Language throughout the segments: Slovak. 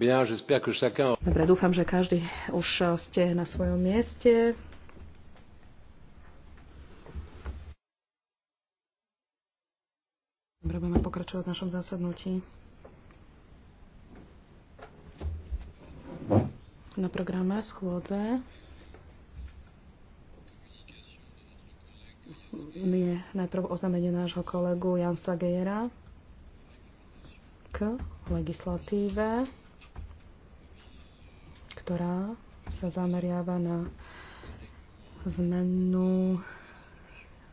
Dobre, dúfam, že každý už eh, ste na svojom mieste. Dobre, budeme pokračovať v našom zasadnutí. Na programe schôdze je najprv oznámenie nášho kolegu Jansa Gejera k legislatíve ktorá sa zameriava na zmenu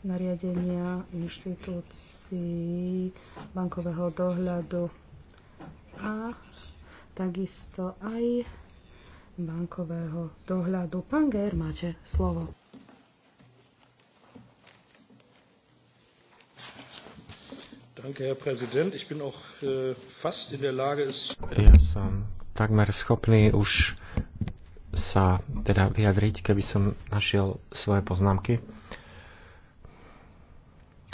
nariadenia inštitúcií bankového dohľadu a takisto aj bankového dohľadu. Pán Gér, máte slovo. Danke, Herr Präsident. Ich bin auch äh, fast in der Lage, es... Ja som takmer schopný už sa teda vyjadriť, keby som našiel svoje poznámky.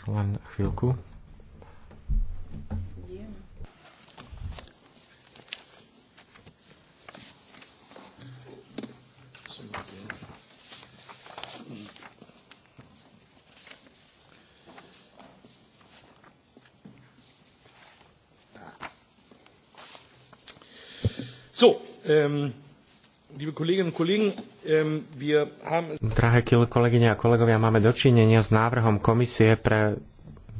Len chvíľku. So, ähm, Ähm, Drahé kolegyne a kolegovia, máme dočinenia s návrhom komisie pre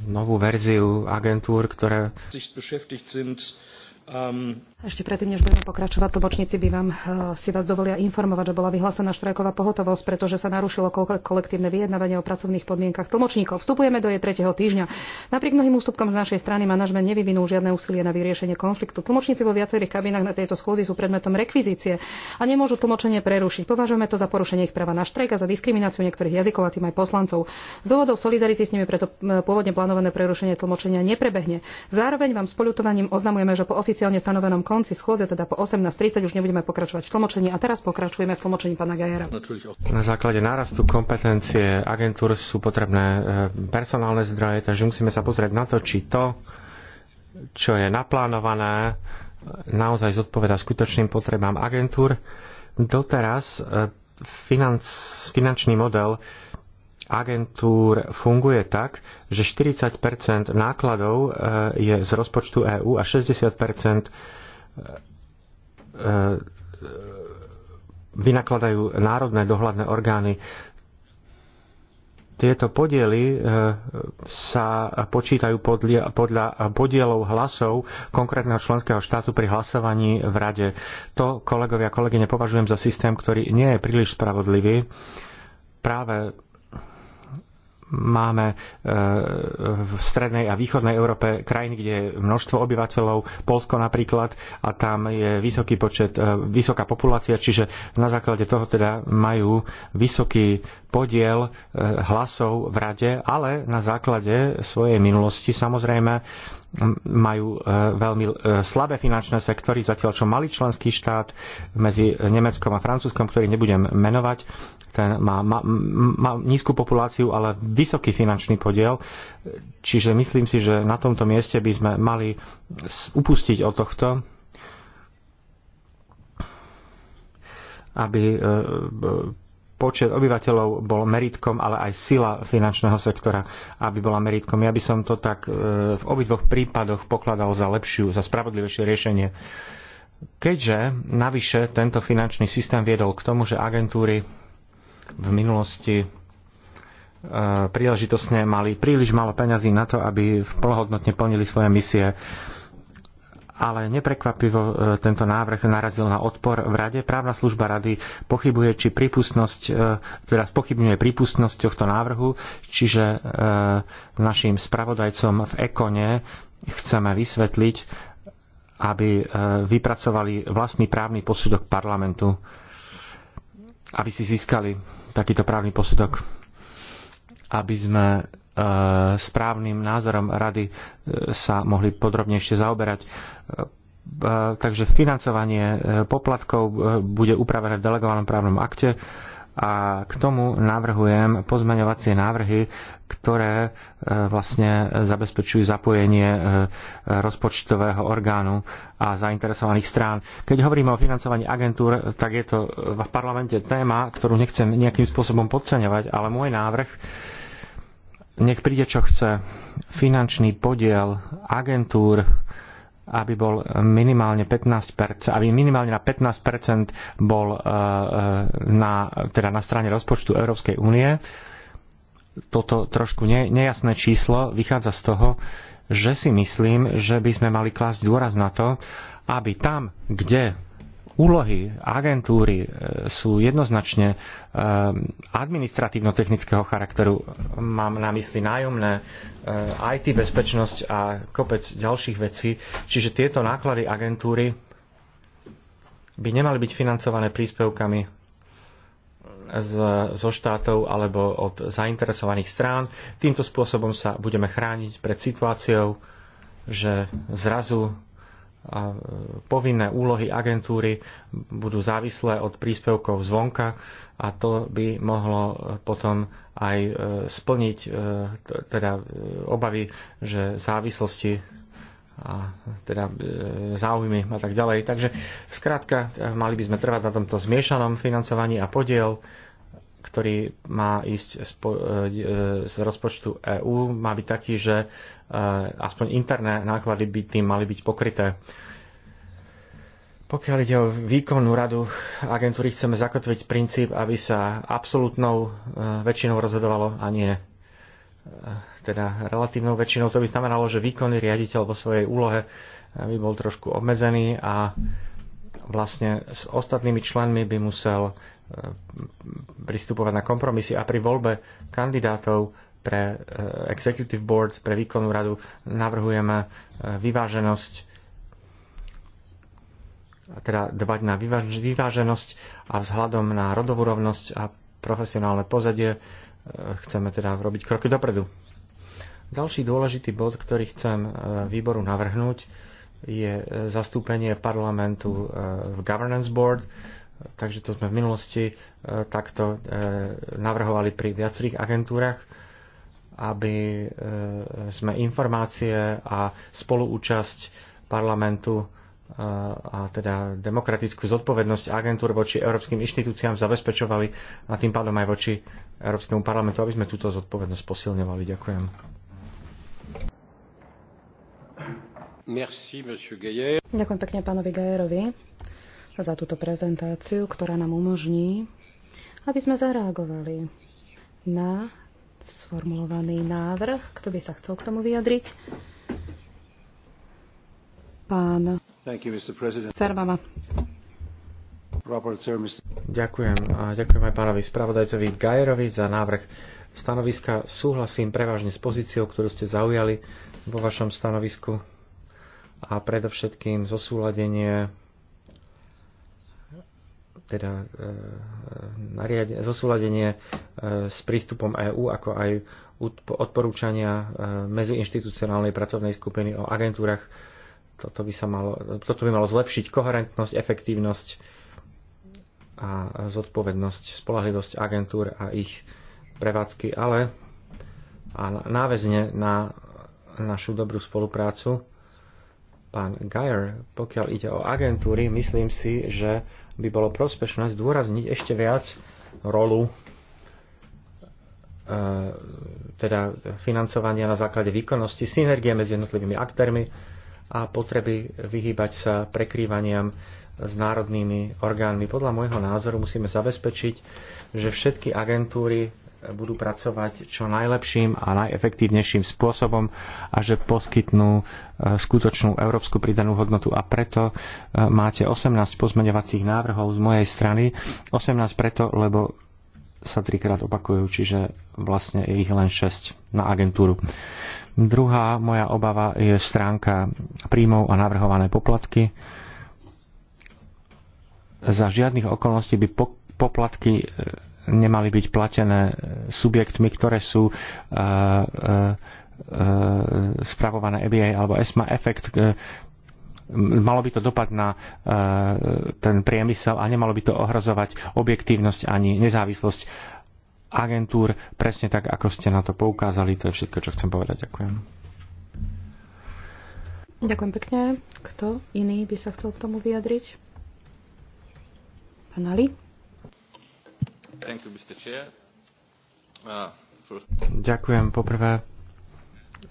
novú verziu agentúr, ktoré Um... Ešte predtým, než budeme pokračovať, tlmočníci by vám, eh, si vás dovolia informovať, že bola vyhlásená štrajková pohotovosť, pretože sa narušilo kolektívne vyjednávanie o pracovných podmienkach tlmočníkov. Vstupujeme do jej tretieho týždňa. Napriek mnohým ústupkom z našej strany manažment nevyvinul žiadne úsilie na vyriešenie konfliktu. Tlmočníci vo viacerých kabinách na tejto schôzi sú predmetom rekvizície a nemôžu tlmočenie prerušiť. Považujeme to za porušenie ich práva na štrajk a za diskrimináciu niektorých jazykov a tým aj poslancov. Z dôvodov solidarity s nimi preto eh, pôvodne plánované prerušenie tlmočenia neprebehne. Zároveň vám s poľutovaním oznamujeme, že po ofici oficiálne stanovenom konci schôdze, teda po 18.30 už nebudeme pokračovať v tlmočení a teraz pokračujeme v tlmočení pána Gajera. Na základe nárastu kompetencie agentúr sú potrebné e, personálne zdroje, takže musíme sa pozrieť na to, či to, čo je naplánované, naozaj zodpoveda skutočným potrebám agentúr. Doteraz e, financ, finančný model agentúr funguje tak, že 40 nákladov e, je z rozpočtu EÚ a 60 e, e, vynakladajú národné dohľadné orgány. Tieto podiely sa počítajú podľa, podielov hlasov konkrétneho členského štátu pri hlasovaní v Rade. To, kolegovia a kolegyne, považujem za systém, ktorý nie je príliš spravodlivý. Práve máme e, v strednej a východnej Európe krajiny, kde je množstvo obyvateľov, Polsko napríklad, a tam je vysoký počet, e, vysoká populácia, čiže na základe toho teda majú vysoký podiel e, hlasov v rade, ale na základe svojej minulosti samozrejme majú e, veľmi e, slabé finančné sektory, zatiaľ čo malý členský štát medzi Nemeckom a Francúzskom, ktorý nebudem menovať, ten má, má, má nízku populáciu, ale vysoký finančný podiel. Čiže myslím si, že na tomto mieste by sme mali upustiť od tohto, aby e, počet obyvateľov bol meritkom, ale aj sila finančného sektora, aby bola meritkom. Ja by som to tak e, v obidvoch prípadoch pokladal za lepšiu, za spravodlivejšie riešenie. Keďže navyše tento finančný systém viedol k tomu, že agentúry v minulosti e, príležitosne mali príliš málo peňazí na to, aby plnohodnotne plnili svoje misie ale neprekvapivo e, tento návrh narazil na odpor v Rade. Právna služba Rady pochybuje, či prípustnosť, e, teda spochybňuje prípustnosť tohto návrhu, čiže e, našim spravodajcom v Ekone chceme vysvetliť, aby vypracovali vlastný právny posudok parlamentu, aby si získali takýto právny posudok, aby sme E, správnym názorom rady e, sa mohli podrobnejšie zaoberať. E, takže financovanie poplatkov bude upravené v delegovanom právnom akte a k tomu navrhujem pozmeňovacie návrhy, ktoré vlastne zabezpečujú zapojenie rozpočtového orgánu a zainteresovaných strán. Keď hovoríme o financovaní agentúr, tak je to v parlamente téma, ktorú nechcem nejakým spôsobom podceňovať, ale môj návrh nech príde čo chce, finančný podiel agentúr, aby bol minimálne 15%, aby minimálne na 15% bol e, e, na, teda na strane rozpočtu Európskej únie. Toto trošku ne, nejasné číslo vychádza z toho, že si myslím, že by sme mali klásť dôraz na to, aby tam, kde úlohy agentúry e, sú jednoznačne e, administratívno-technického charakteru. Mám na mysli nájomné, e, IT bezpečnosť a kopec ďalších vecí. Čiže tieto náklady agentúry by nemali byť financované príspevkami z, zo štátov alebo od zainteresovaných strán. Týmto spôsobom sa budeme chrániť pred situáciou, že zrazu a e, povinné úlohy agentúry budú závislé od príspevkov zvonka a to by mohlo potom aj e, splniť e, teda obavy, že závislosti a teda záujmy a tak ďalej. Takže skrátka, mali by sme trvať na tomto zmiešanom financovaní a podiel ktorý má ísť z e, e, rozpočtu EÚ, má byť taký, že e, aspoň interné náklady by tým mali byť pokryté. Pokiaľ ide o výkonnú radu agentúry, chceme zakotviť princíp, aby sa absolútnou väčšinou rozhodovalo a nie teda relatívnou väčšinou. To by znamenalo, že výkonný riaditeľ vo svojej úlohe by bol trošku obmedzený a vlastne s ostatnými členmi by musel E, pristupovať na kompromisy a pri voľbe kandidátov pre e, Executive Board, pre výkonnú radu navrhujeme e, vyváženosť teda dbať na vyváženosť a vzhľadom na rodovú rovnosť a profesionálne pozadie chceme teda robiť kroky dopredu. Ďalší dôležitý bod, ktorý chcem výboru navrhnúť, je zastúpenie parlamentu v Governance Board takže to sme v minulosti e, takto e, navrhovali pri viacerých agentúrach, aby e, sme informácie a spoluúčasť parlamentu a teda demokratickú zodpovednosť agentúr voči európskym inštitúciám zabezpečovali a tým pádom aj voči Európskemu parlamentu, aby sme túto zodpovednosť posilňovali. Ďakujem. Merci, Ďakujem pekne pánovi Gajerovi za túto prezentáciu, ktorá nám umožní, aby sme zareagovali na sformulovaný návrh. Kto by sa chcel k tomu vyjadriť? Pán Cervama. Ďakujem a ďakujem aj pánovi spravodajcovi Gajerovi za návrh stanoviska. Súhlasím prevažne s pozíciou, ktorú ste zaujali vo vašom stanovisku a predovšetkým zosúladenie teda e, nariade, zosúladenie e, s prístupom EÚ, ako aj odporúčania e, medziinstitucionálnej pracovnej skupiny o agentúrach. Toto by, sa malo, toto by malo zlepšiť koherentnosť, efektívnosť a zodpovednosť, spolahlivosť agentúr a ich prevádzky, ale a náväzne na našu dobrú spoluprácu pán Geyer, pokiaľ ide o agentúry, myslím si, že by bolo prospešné zdôrazniť ešte viac rolu e, teda financovania na základe výkonnosti, synergie medzi jednotlivými aktérmi a potreby vyhýbať sa prekrývaniam s národnými orgánmi. Podľa môjho názoru musíme zabezpečiť, že všetky agentúry budú pracovať čo najlepším a najefektívnejším spôsobom a že poskytnú e, skutočnú európsku pridanú hodnotu. A preto e, máte 18 pozmeňovacích návrhov z mojej strany. 18 preto, lebo sa trikrát opakujú, čiže vlastne je ich len 6 na agentúru. Druhá moja obava je stránka príjmov a navrhované poplatky. Za žiadnych okolností by poplatky e, nemali byť platené subjektmi, ktoré sú e, e, e, spravované EBA alebo ESMA efekt malo by to dopad na ten priemysel a nemalo by to ohrozovať objektívnosť ani nezávislosť agentúr, presne tak, ako ste na to poukázali. To je všetko, čo chcem povedať. Ďakujem. Ďakujem pekne. Kto iný by sa chcel k tomu vyjadriť? Pán Ali? Uh, Ďakujem poprvé.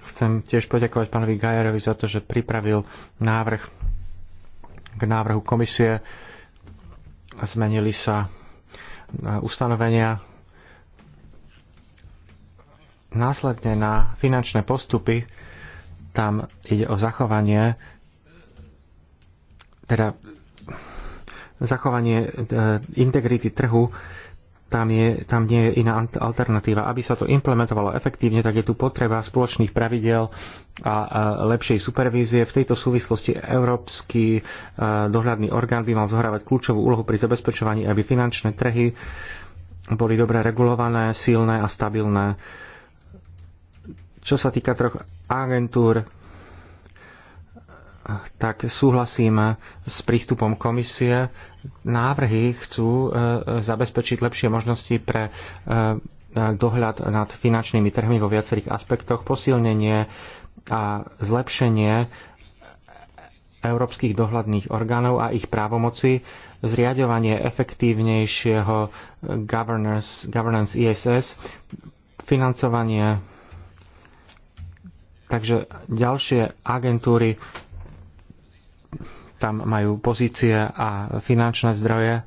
Chcem tiež poďakovať pánovi Gajerovi za to, že pripravil návrh k návrhu komisie. Zmenili sa uh, ustanovenia následne na finančné postupy. Tam ide o zachovanie teda zachovanie uh, integrity trhu tam, je, tam nie je iná alternatíva. Aby sa to implementovalo efektívne, tak je tu potreba spoločných pravidel a lepšej supervízie. V tejto súvislosti Európsky e, dohľadný orgán by mal zohrávať kľúčovú úlohu pri zabezpečovaní, aby finančné trhy boli dobre regulované, silné a stabilné. Čo sa týka troch agentúr, tak súhlasím s prístupom komisie. Návrhy chcú e, zabezpečiť lepšie možnosti pre e, dohľad nad finančnými trhmi vo viacerých aspektoch, posilnenie a zlepšenie európskych dohľadných orgánov a ich právomoci, zriadovanie efektívnejšieho governance, governance ISS, e financovanie. Takže ďalšie agentúry tam majú pozície a finančné zdroje.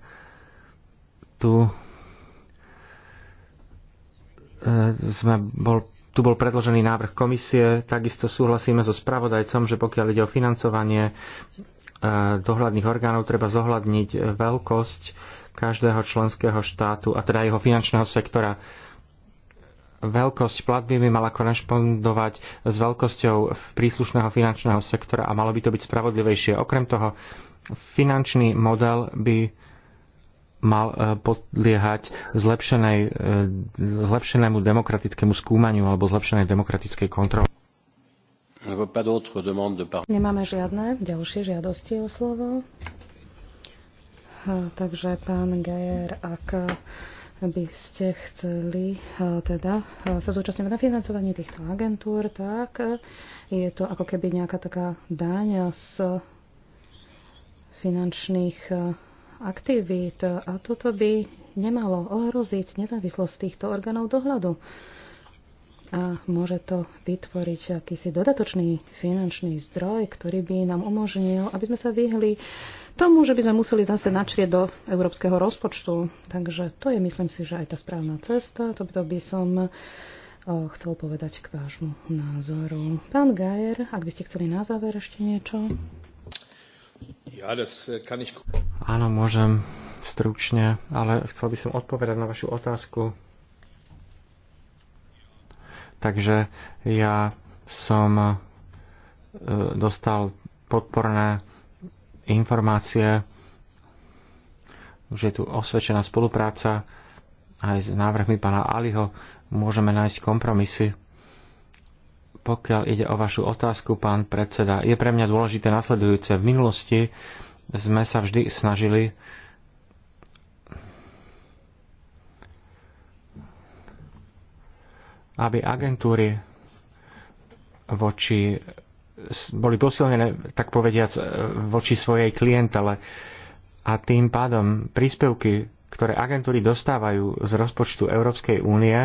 Tu e, sme bol, tu bol predložený návrh komisie, takisto súhlasíme so spravodajcom, že pokiaľ ide o financovanie e, dohľadných orgánov, treba zohľadniť veľkosť každého členského štátu a teda jeho finančného sektora veľkosť platby by mala korešpondovať s veľkosťou príslušného finančného sektora a malo by to byť spravodlivejšie. Okrem toho, finančný model by mal e, podliehať e, zlepšenému demokratickému skúmaniu alebo zlepšenej demokratickej kontrole. Nemáme žiadne ďalšie žiadosti o slovo. Takže pán Gajer, ak by ste chceli eh, teda eh, sa zúčastňovať na financovanie týchto agentúr, tak eh, je to ako keby nejaká taká daň z finančných aktivít a toto by nemalo ohroziť nezávislosť týchto orgánov dohľadu. A môže to vytvoriť akýsi dodatočný finančný zdroj, ktorý by nám umožnil, aby sme sa vyhli uh, tomu, že by sme museli zase načrieť do európskeho rozpočtu. Takže to je, myslím si, že aj tá správna cesta. To by, to by som eh, chcel povedať k vášmu názoru. Pán Gajer, ak by ste chceli na záver ešte niečo? Ja, das eh, kann ich... Áno, môžem stručne, ale chcel by som odpovedať na vašu otázku. Takže ja som eh, dostal podporné informácie. Už je tu osvedčená spolupráca aj s návrhmi pána Aliho. Môžeme nájsť kompromisy. Pokiaľ ide o vašu otázku, pán predseda, je pre mňa dôležité nasledujúce. V minulosti sme sa vždy snažili aby agentúry voči boli posilnené, tak povediac, e, voči svojej klientele. A tým pádom príspevky, ktoré agentúry dostávajú z rozpočtu Európskej únie,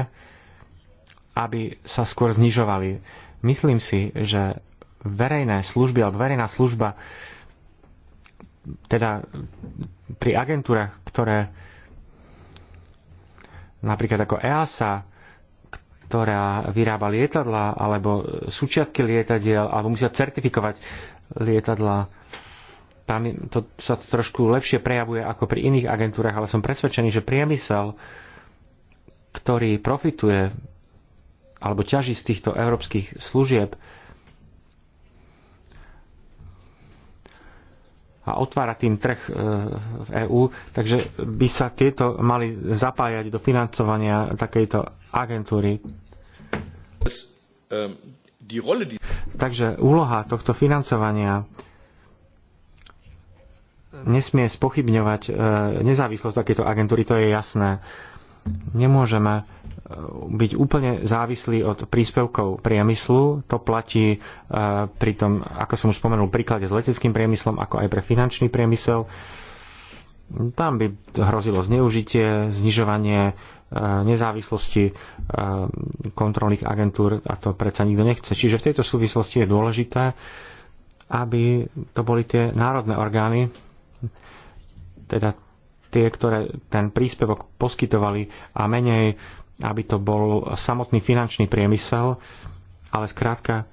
aby sa skôr znižovali. Myslím si, že verejné služby alebo verejná služba teda pri agentúrach, ktoré napríklad ako EASA ktorá vyrába lietadla alebo súčiatky lietadiel alebo musia certifikovať lietadla. Tam to, sa to trošku lepšie prejavuje ako pri iných agentúrach, ale som presvedčený, že priemysel, ktorý profituje alebo ťaží z týchto európskych služieb, a otvára tým trh e, v EÚ, takže by sa tieto mali zapájať do financovania takejto agentúry. Ähm, Takže úloha tohto financovania nesmie spochybňovať e, nezávislosť takéto agentúry, to je jasné. Nemôžeme e, byť úplne závislí od príspevkov priemyslu. To platí e, pri tom, ako som už spomenul, príklade s leteckým priemyslom, ako aj pre finančný priemysel. Tam by hrozilo zneužitie, znižovanie nezávislosti kontrolných agentúr a to predsa nikto nechce. Čiže v tejto súvislosti je dôležité, aby to boli tie národné orgány, teda tie, ktoré ten príspevok poskytovali a menej, aby to bol samotný finančný priemysel, ale skrátka e,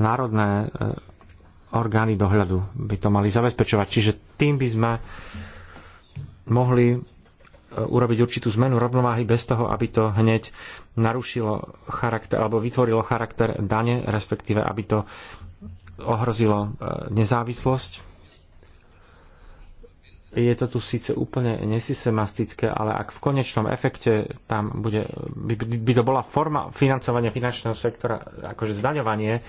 národné e, orgány dohľadu by to mali zabezpečovať. Čiže tým by sme mohli Eh, urobiť určitú zmenu rovnováhy bez toho, aby to hneď narušilo charakter alebo vytvorilo charakter dane, respektíve aby to ohrozilo eh, nezávislosť. Je to tu síce úplne nesystematické, ale ak v konečnom efekte tam bude, by, by to bola forma financovania finančného sektora, akože zdaňovanie,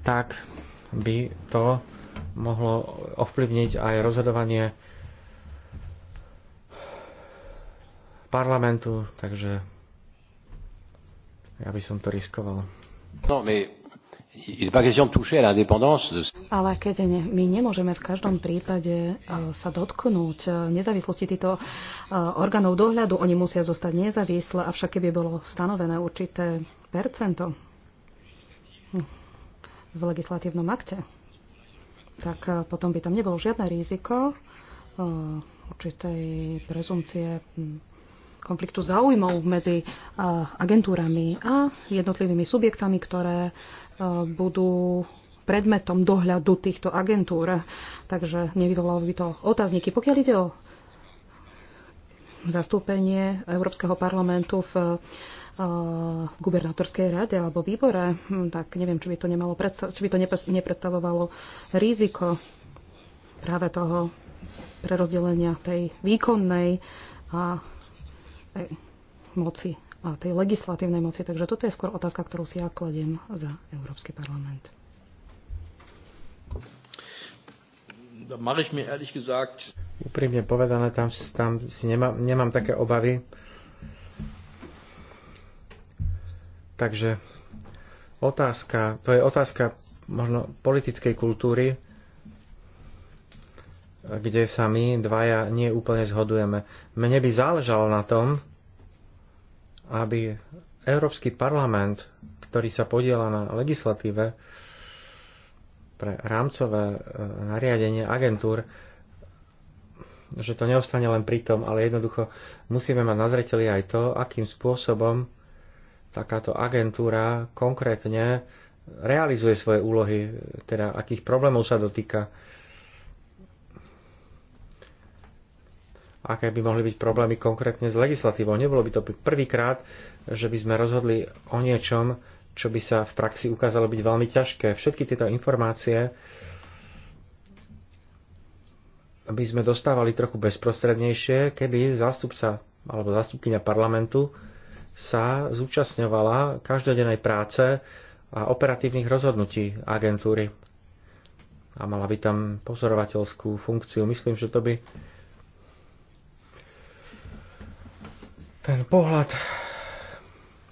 tak by to mohlo ovplyvniť aj rozhodovanie parlamentu, takže ja by som to riskoval. No, my... Ale keď ne, my nemôžeme v každom prípade e, sa dotknúť e, nezávislosti týchto e, orgánov dohľadu, oni musia zostať nezávislé, avšak keby bolo stanovené určité percento v legislatívnom akte, tak potom by tam nebolo žiadne riziko určitej prezumcie konfliktu záujmov medzi eh, agentúrami a jednotlivými subjektami, ktoré eh, budú predmetom dohľadu týchto agentúr. Takže nevyvolalo by to otázniky. Pokiaľ ide o zastúpenie Európskeho parlamentu v eh, gubernátorskej rade alebo výbore, hm, tak neviem, či by to, nemalo či by to nepredstavovalo riziko práve toho prerozdelenia tej výkonnej a E, moci a tej legislatívnej moci. Takže toto je skôr otázka, ktorú si ja kladiem za Európsky parlament. Úprimne povedané, tam, tam si nemám, nemám také obavy. Takže otázka, to je otázka možno politickej kultúry, kde sa my dvaja nie úplne zhodujeme. Mne by záležalo na tom, aby Európsky parlament, ktorý sa podiela na legislatíve pre rámcové e, nariadenie agentúr, že to neostane len pri tom, ale jednoducho musíme mať na zreteli aj to, akým spôsobom takáto agentúra konkrétne realizuje svoje úlohy, teda akých problémov sa dotýka aké by mohli byť problémy konkrétne s legislatívou. Nebolo by to prvýkrát, že by sme rozhodli o niečom, čo by sa v praxi ukázalo byť veľmi ťažké. Všetky tieto informácie by sme dostávali trochu bezprostrednejšie, keby zástupca alebo zástupkynia parlamentu sa zúčastňovala každodennej práce a operatívnych rozhodnutí agentúry. A mala by tam pozorovateľskú funkciu. Myslím, že to by ten pohľad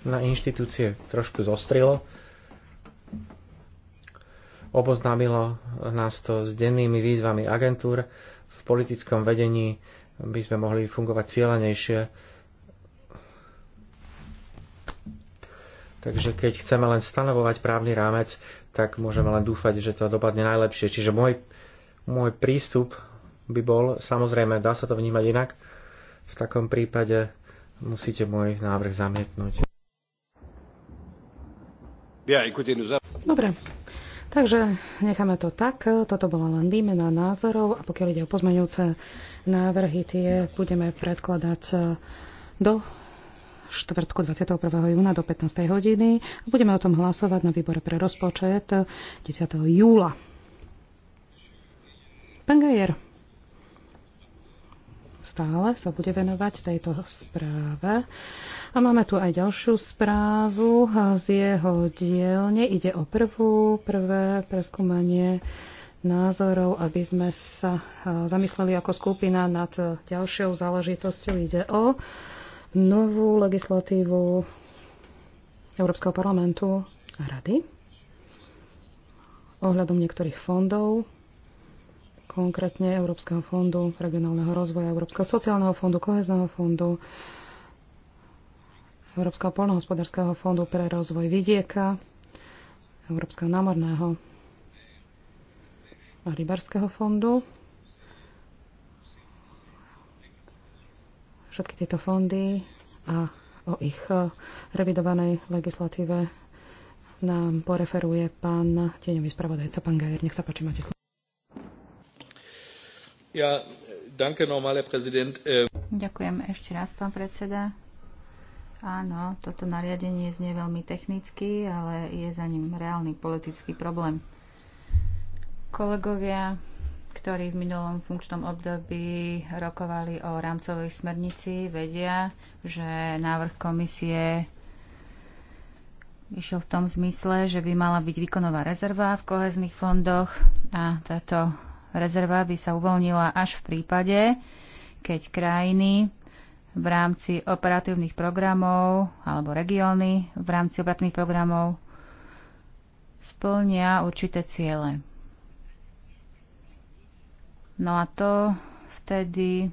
na inštitúcie trošku zostrilo. Oboznámilo nás to s dennými výzvami agentúr. V politickom vedení by sme mohli fungovať cieľanejšie. Takže keď chceme len stanovovať právny rámec, tak môžeme len dúfať, že to dopadne najlepšie. Čiže môj, môj prístup by bol, samozrejme, dá sa to vnímať inak, v takom prípade Musíte môj návrh zamietnúť. Dobre, takže necháme to tak. Toto bola len výmena názorov a pokiaľ ide o pozmeňujúce návrhy, tie budeme predkladať eh, do štvrtku 21. júna do 15. hodiny budeme o tom hlasovať na výbore pre rozpočet 10. Eh, júla. Pán Gajer stále sa bude venovať tejto správe. A máme tu aj ďalšiu správu z jeho dielne. Ide o prvú, prvé preskúmanie názorov, aby sme sa zamysleli ako skupina nad ďalšou záležitosťou. Ide o novú legislatívu Európskeho parlamentu a rady ohľadom niektorých fondov konkrétne Európskeho fondu regionálneho rozvoja, Európskeho sociálneho fondu, kohezného fondu, Európskeho polnohospodárskeho fondu pre rozvoj vidieka, Európskeho námorného a rybarského fondu. Všetky tieto fondy a o ich revidovanej legislatíve nám poreferuje pán tieňový spravodajca, pán Gajer. Nech sa páči, máte slovo. Ja, danke ähm, Ďakujem ešte raz, pán predseda. Áno, toto nariadenie znie veľmi technicky, ale je za ním reálny politický problém. Kolegovia, ktorí v minulom funkčnom období rokovali o rámcovej smernici, vedia, že návrh komisie išiel v tom zmysle, že by mala byť výkonová rezerva v kohezných fondoch a táto Rezerva by sa uvoľnila až v prípade, keď krajiny v rámci operatívnych programov alebo regióny v rámci operatívnych programov splnia určité ciele. No a to vtedy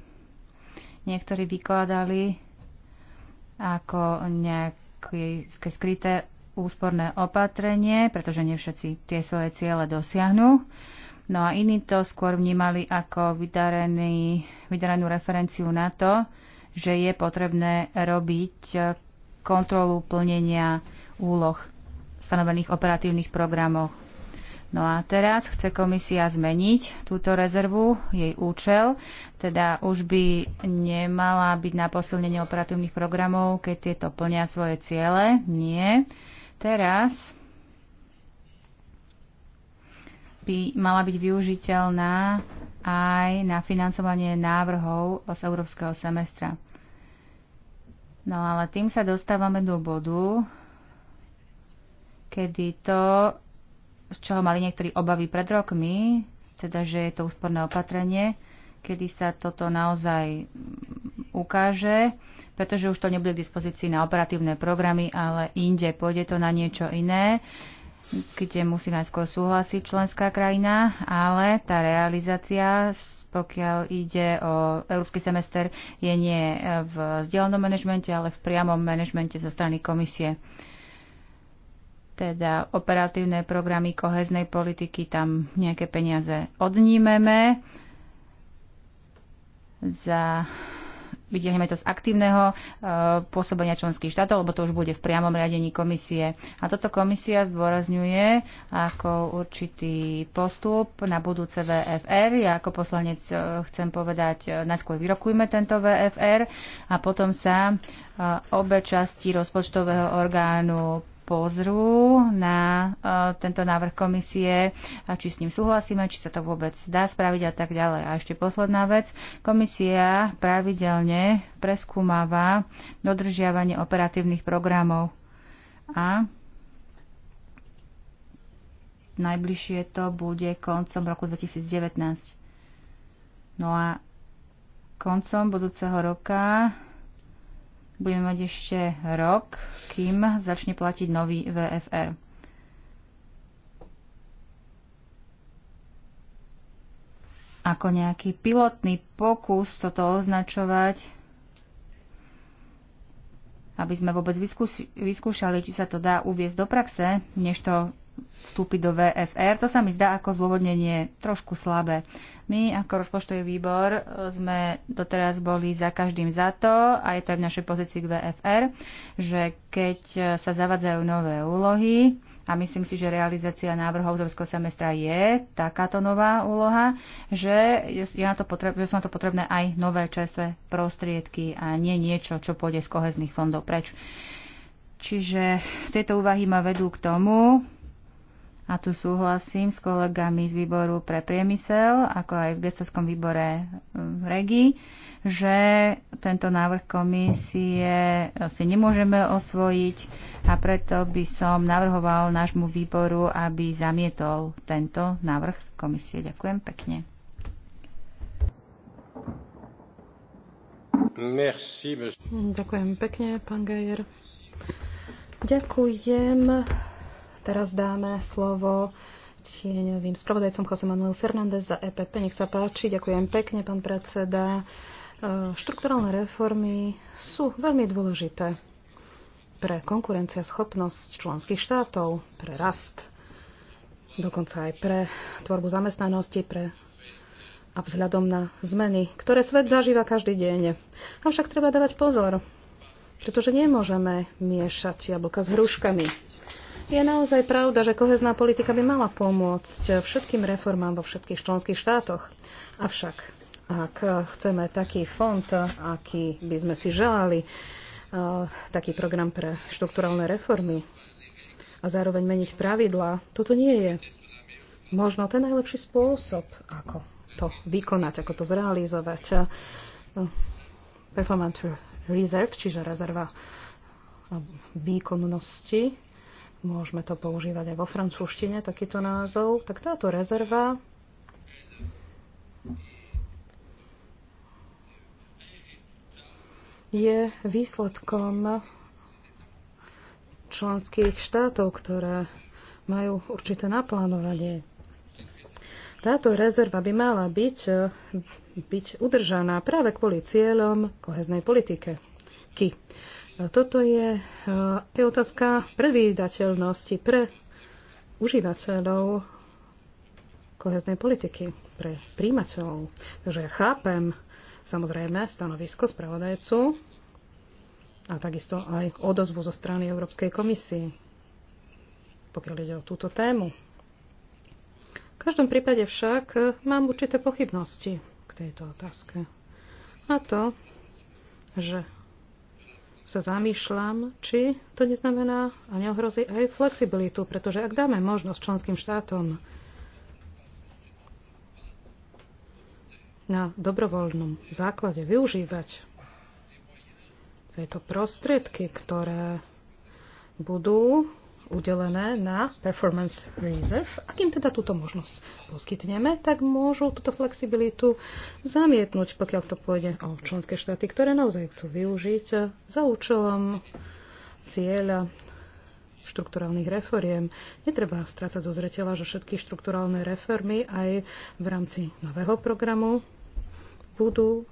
niektorí vykladali ako nejaké skryté úsporné opatrenie, pretože nevšetci všetci tie svoje ciele dosiahnu. No a iní to skôr vnímali ako vydarený, vydarenú referenciu na to, že je potrebné robiť e, kontrolu plnenia úloh stanovených operatívnych programoch. No a teraz chce komisia zmeniť túto rezervu, jej účel, teda už by nemala byť na posilnenie operatívnych programov, keď tieto plnia svoje ciele. Nie. Teraz by mala byť využiteľná aj na financovanie návrhov z európskeho semestra. No ale tým sa dostávame do bodu, kedy to, z čoho mali niektorí obavy pred rokmi, teda že je to úsporné opatrenie, kedy sa toto naozaj ukáže, pretože už to nebude k dispozícii na operatívne programy, ale inde pôjde to na niečo iné kde musí najskôr súhlasiť členská krajina, ale tá realizácia, pokiaľ ide o európsky semester, je nie v zdieľanom manažmente, ale v priamom manažmente zo strany komisie. Teda operatívne programy koheznej politiky, tam nejaké peniaze odnímeme za vyťahneme to z aktívneho e, pôsobenia členských štátov, lebo to už bude v priamom riadení komisie. A toto komisia zdôrazňuje ako určitý postup na budúce VFR. Ja ako poslanec e, chcem povedať, e, najskôr vyrokujme tento VFR a potom sa e, obe časti rozpočtového orgánu pozrú na e, tento návrh komisie, a či s ním súhlasíme, či sa to vôbec dá spraviť a tak ďalej. A ešte posledná vec. Komisia pravidelne preskúmava dodržiavanie operatívnych programov. A najbližšie to bude koncom roku 2019. No a koncom budúceho roka Budeme mať ešte rok, kým začne platiť nový VFR. Ako nejaký pilotný pokus toto označovať, aby sme vôbec vyskúšali, či sa to dá uviezť do praxe, než to vstúpiť do VFR. To sa mi zdá ako zôvodnenie trošku slabé. My ako rozpočtový výbor e, sme doteraz boli za každým za to, a je to aj v našej pozícii k VFR, že keď e, sa zavadzajú nové úlohy, a myslím si, že realizácia návrhov autorského semestra je takáto nová úloha, že, je na to potreb, že sú na to potrebné aj nové čerstvé prostriedky a nie niečo, čo pôjde z kohezných fondov preč. Čiže tieto úvahy ma vedú k tomu, a tu súhlasím s kolegami z výboru pre priemysel, ako aj v gestovskom výbore v REGI, že tento návrh komisie si nemôžeme osvojiť a preto by som navrhoval nášmu výboru, aby zamietol tento návrh komisie. Ďakujem pekne. Merci, Ďakujem pekne, pán Gajer. Ďakujem Teraz dáme slovo tieňovým spravodajcom Jose Manuel Fernández za EPP. Nech sa páči, ďakujem pekne, pán predseda. E, štrukturálne reformy sú veľmi dôležité pre schopnosť členských štátov, pre rast, dokonca aj pre tvorbu zamestnanosti, pre a vzhľadom na zmeny, ktoré svet zažíva každý deň. Avšak treba dávať pozor, pretože nemôžeme miešať jablka s hruškami je naozaj pravda, že kohezná politika by mala pomôcť všetkým reformám vo všetkých členských štátoch. Avšak, ak chceme taký fond, aký by sme si želali, taký program pre štrukturálne reformy a zároveň meniť pravidlá, toto nie je možno ten najlepší spôsob, ako to vykonať, ako to zrealizovať. Performant reserve, čiže rezerva výkonnosti, môžeme to používať aj vo francúzštine, takýto názov, tak táto rezerva je výsledkom členských štátov, ktoré majú určité naplánovanie. Táto rezerva by mala byť, byť udržaná práve kvôli cieľom koheznej politike. Toto je, e, je otázka predvídateľnosti pre užívateľov koheznej politiky, pre príjimateľov. Takže ja chápem samozrejme stanovisko spravodajcu a takisto aj odozvu zo strany Európskej komisie, pokiaľ ide o túto tému. V každom prípade však e, mám určité pochybnosti k tejto otázke. A to, že sa zamýšľam, či to neznamená a neohrozí aj flexibilitu, pretože ak dáme možnosť členským štátom na dobrovoľnom základe využívať tieto prostriedky, ktoré budú udelené na Performance Reserve. Ak im teda túto možnosť poskytneme, tak môžu túto flexibilitu zamietnúť, pokiaľ to pôjde o členské štáty, ktoré naozaj chcú využiť za účelom cieľa štrukturálnych reforiem. Netreba strácať zo zreteľa, že všetky štrukturálne reformy aj v rámci nového programu budú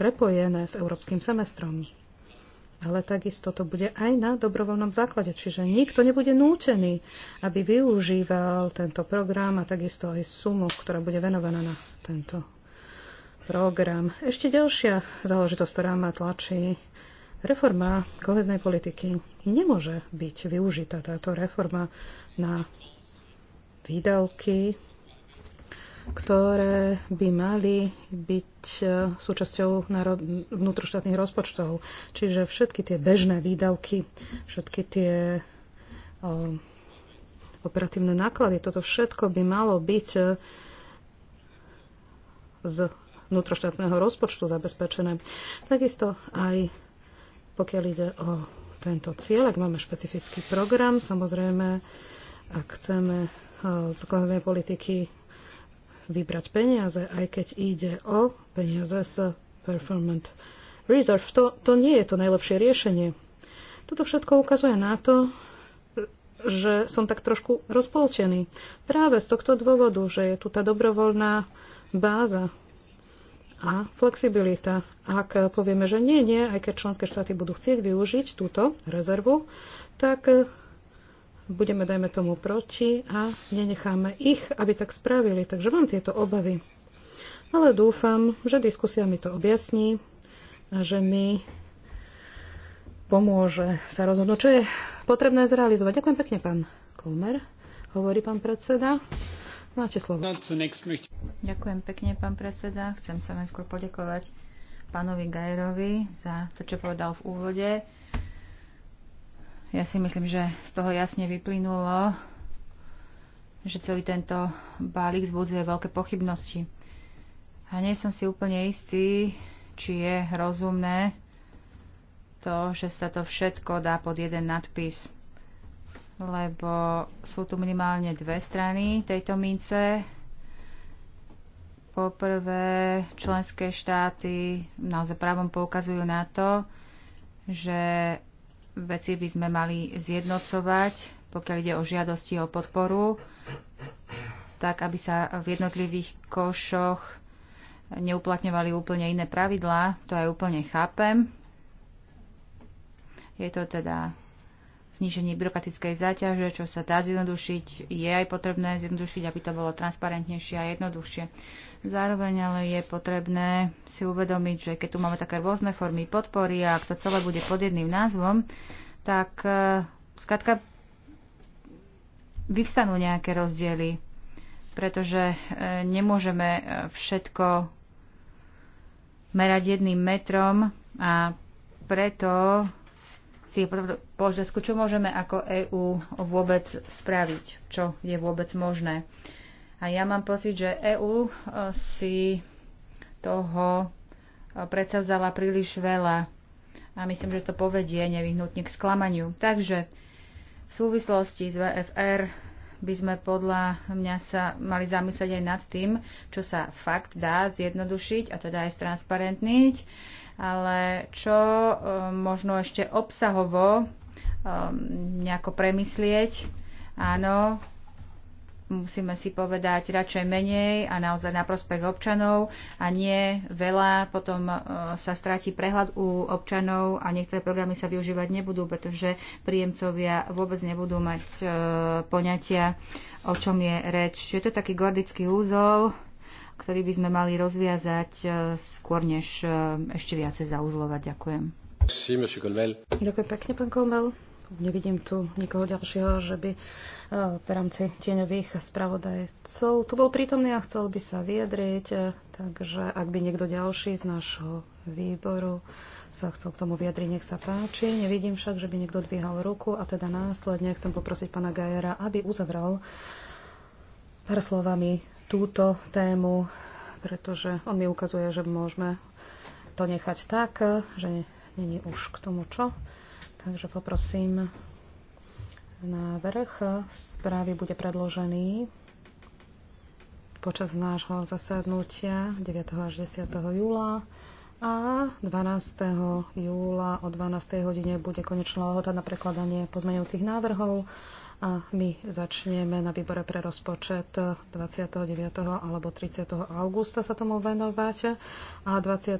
prepojené s európskym semestrom ale takisto to bude aj na dobrovoľnom základe. Čiže nikto nebude nútený, aby využíval tento program a takisto aj sumu, ktorá bude venovaná na tento program. Ešte ďalšia záležitosť, ktorá ma tlačí. Reforma koheznej politiky nemôže byť využitá táto reforma na výdavky ktoré by mali byť e, súčasťou vnútroštátnych rozpočtov. Čiže všetky tie bežné výdavky, všetky tie e, operatívne náklady, toto všetko by malo byť e, z vnútroštátneho rozpočtu zabezpečené. Takisto aj pokiaľ ide o tento cieľ, ak máme špecifický program, samozrejme, ak chceme z koheznej politiky vybrať peniaze, aj keď ide o peniaze z Performant Reserve. To, to nie je to najlepšie riešenie. Toto všetko ukazuje na to, že som tak trošku rozpoltený. Práve z tohto dôvodu, že je tu tá dobrovoľná báza a flexibilita. Ak povieme, že nie, nie, aj keď členské štáty budú chcieť využiť túto rezervu, tak budeme, dajme tomu, proti a nenecháme ich, aby tak spravili. Takže mám tieto obavy. Ale dúfam, že diskusia mi to objasní a že mi pomôže sa rozhodnúť, čo je potrebné zrealizovať. Ďakujem pekne, pán Kolmer, hovorí pán predseda. Máte slovo. Ďakujem pekne, pán predseda. Chcem sa najskôr poďakovať pánovi Gajerovi za to, čo povedal v úvode ja si myslím, že z toho jasne vyplynulo, že celý tento balík zbudzuje veľké pochybnosti. A nie som si úplne istý, či je rozumné to, že sa to všetko dá pod jeden nadpis. Lebo sú tu minimálne dve strany tejto mince. Poprvé, členské štáty naozaj právom poukazujú na to, že veci by sme mali zjednocovať, pokiaľ ide o žiadosti o podporu, tak aby sa v jednotlivých košoch neuplatňovali úplne iné pravidlá, to aj úplne chápem. Je to teda zníženie byrokratickej záťaže, čo sa dá zjednodušiť, je aj potrebné zjednodušiť, aby to bolo transparentnejšie a jednoduchšie. Zároveň ale je potrebné si uvedomiť, že keď tu máme také rôzne formy podpory a ak to celé bude pod jedným názvom, tak e, skratka vyvstanú nejaké rozdiely, pretože e, nemôžeme e, všetko merať jedným metrom a preto si položiť čo môžeme ako EÚ vôbec spraviť, čo je vôbec možné. A ja mám pocit, že EÚ e, si toho e, predsa vzala príliš veľa a myslím, že to povedie nevyhnutne k sklamaniu. Takže v súvislosti s VFR by sme podľa mňa sa mali zamyslieť aj nad tým, čo sa fakt dá zjednodušiť a teda aj stransparentniť, ale čo e, možno ešte obsahovo nejako premyslieť. Áno, Musíme si povedať radšej menej a naozaj na prospech občanov a nie veľa. Potom e, sa stráti prehľad u občanov a niektoré programy sa využívať nebudú, pretože príjemcovia vôbec nebudú mať e, poňatia, o čom je reč. Je to taký gordický úzol, ktorý by sme mali rozviazať e, skôr, než ešte viacej zauzlovať. Ďakujem. Ďakujem pekne, pán Kolmel. Nevidím tu nikoho ďalšieho, že by E, v rámci tieňových spravodajcov. Tu bol prítomný a chcel by sa vyjadriť, e, takže ak by niekto ďalší z nášho výboru sa chcel k tomu vyjadriť, nech sa páči. Nevidím však, že by niekto dvíhal ruku a teda následne chcem poprosiť pana Gajera, aby uzavral pár slovami túto tému, pretože on mi ukazuje, že môžeme to nechať tak, že není už k tomu čo. Takže poprosím Návrh správy bude predložený počas nášho zasadnutia 9. až 10. júla a 12. júla o 12. hodine bude konečná lehota na prekladanie pozmeňujúcich návrhov a my začneme na výbore pre rozpočet 29. alebo 30. augusta sa tomu venovať a 21.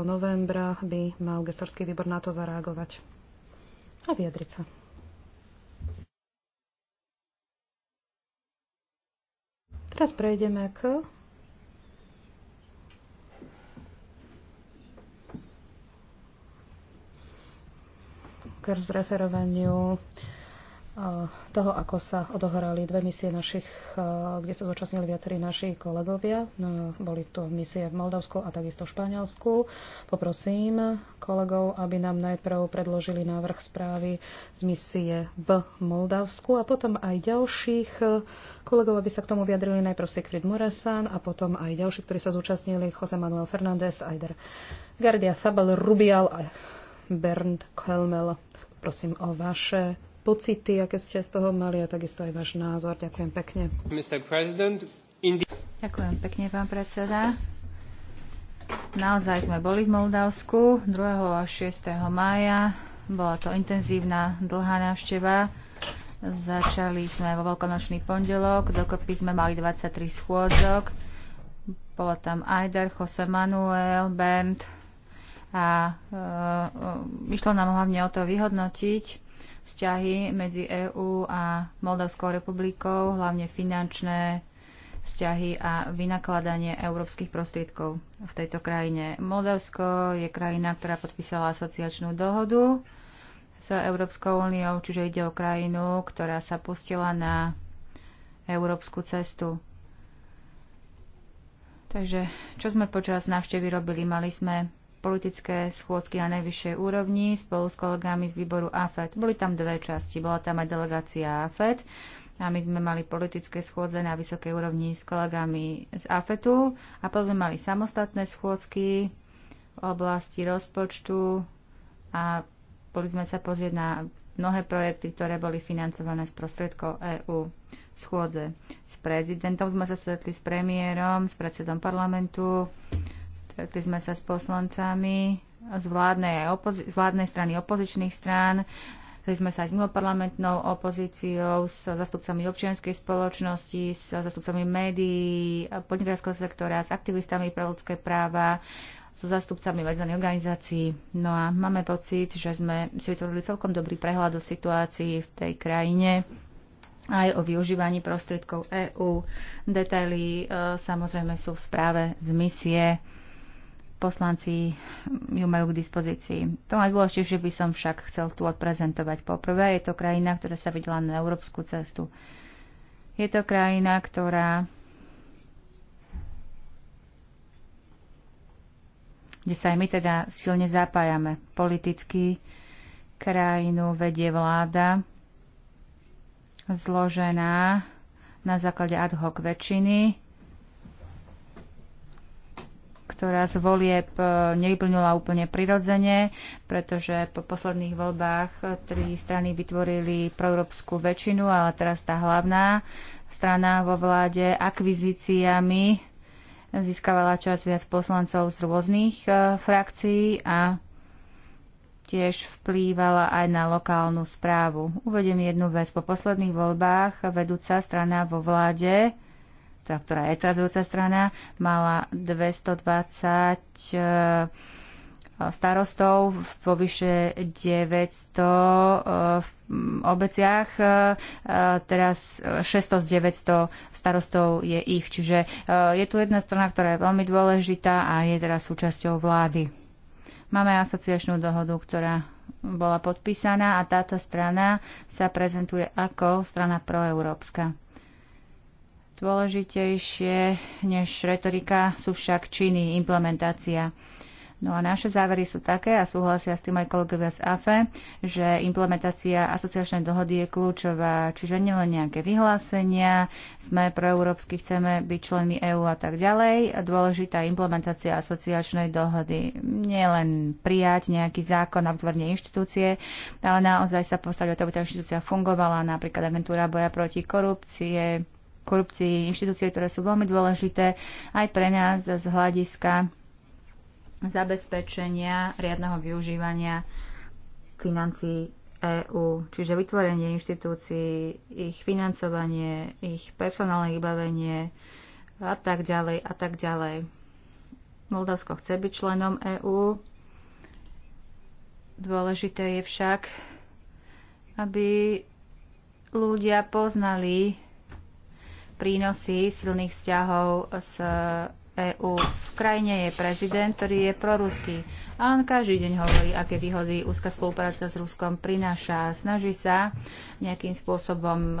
novembra by mal gestorský výbor na to zareagovať a vyjadriť sa. Teraz prejdeme k k zreferovaniu toho, ako sa odohrali dve misie našich, kde sa zúčastnili viacerí naši kolegovia. No, boli to misie v Moldavsku a takisto v Španielsku. Poprosím kolegov, aby nám najprv predložili návrh správy z misie v Moldavsku a potom aj ďalších kolegov, aby sa k tomu vyjadrili najprv Siegfried Muresan a potom aj ďalší, ktorí sa zúčastnili Jose Manuel Fernández, Aider Gardia Fabel, Rubial a Bernd Kelmel. Prosím o vaše pocity, aké ste z toho mali a takisto aj váš názor. Ďakujem pekne. Ďakujem pekne, pán predseda. Naozaj sme boli v Moldavsku 2. a 6. mája. Bola to intenzívna, dlhá návšteva. Začali sme vo veľkonočný pondelok, dokopy sme mali 23 schôdzok. Bolo tam Ajder, Jose Manuel, Bernd a e, e, išlo nám hlavne o to vyhodnotiť, vzťahy medzi EÚ a Moldavskou republikou, hlavne finančné vzťahy a vynakladanie európskych prostriedkov v tejto krajine. Moldavsko je krajina, ktorá podpísala asociačnú dohodu s Európskou úniou, čiže ide o krajinu, ktorá sa pustila na európsku cestu. Takže čo sme počas návštevy robili? Mali sme politické schôdzky na najvyššej úrovni spolu s kolegami z výboru AFED. Boli tam dve časti. Bola tam aj delegácia AFED a my sme mali politické schôdze na vysokej úrovni s kolegami z AFETu a potom mali samostatné schôdzky v oblasti rozpočtu a boli sme sa pozrieť na mnohé projekty, ktoré boli financované z prostriedkov EÚ schôdze. S prezidentom sme sa stretli s premiérom, s predsedom parlamentu, Stretli sme sa s poslancami z vládnej, opozi- z vládnej strany opozičných strán. Stretli sme sa aj s mimoparlamentnou opozíciou, s zastupcami občianskej spoločnosti, s zastupcami médií, podnikateľského sektora, s aktivistami pre ľudské práva, so zastupcami medzinárodných organizácií. No a máme pocit, že sme si vytvorili celkom dobrý prehľad o situácii v tej krajine aj o využívaní prostriedkov EÚ. Detaily e, samozrejme sú v správe z misie poslanci ju majú k dispozícii. To najdôležitejšie by som však chcel tu odprezentovať. Poprvé je to krajina, ktorá sa videla na európsku cestu. Je to krajina, ktorá kde sa aj my teda silne zapájame. Politicky krajinu vedie vláda zložená na základe ad hoc väčšiny, ktorá z volieb e, nevyplnila úplne prirodzene, pretože po posledných voľbách e, tri strany vytvorili proeurópsku väčšinu, ale teraz tá hlavná strana vo vláde akvizíciami získavala čas viac poslancov z rôznych e, frakcií a tiež vplývala aj na lokálnu správu. Uvediem jednu vec. Po posledných voľbách vedúca strana vo vláde tá, ktorá je tradujúca strana, mala 220 eh, starostov vo vyše 900 eh, v obeciach, eh, teraz 600 z 900 starostov je ich. Čiže je tu jedna strana, ktorá je veľmi dôležitá a je teraz súčasťou vlády. Máme asociačnú dohodu, ktorá bola podpísaná a táto strana sa prezentuje ako strana proeurópska. Dôležitejšie než retorika sú však činy, implementácia. No a naše závery sú také, a súhlasia s tým aj kolegovia z AFE, že implementácia asociačnej dohody je kľúčová, čiže nielen nejaké vyhlásenia, sme proeurópsky, chceme byť členmi EÚ a tak ďalej. Dôležitá implementácia asociačnej dohody. Nielen prijať nejaký zákon a vytvorenie inštitúcie, ale naozaj sa postaviť, aby tá inštitúcia fungovala, napríklad agentúra boja proti korupcie, korupcii inštitúcie, ktoré sú veľmi dôležité aj pre nás z hľadiska zabezpečenia riadneho využívania financií EÚ, čiže vytvorenie inštitúcií, ich financovanie, ich personálne vybavenie a tak ďalej a tak ďalej. Moldavsko chce byť členom EÚ. Dôležité je však, aby ľudia poznali prínosy silných vzťahov s EÚ. V krajine je prezident, ktorý je proruský a on každý deň hovorí, aké výhody úzka spolupráca s Ruskom prináša. Snaží sa nejakým spôsobom e,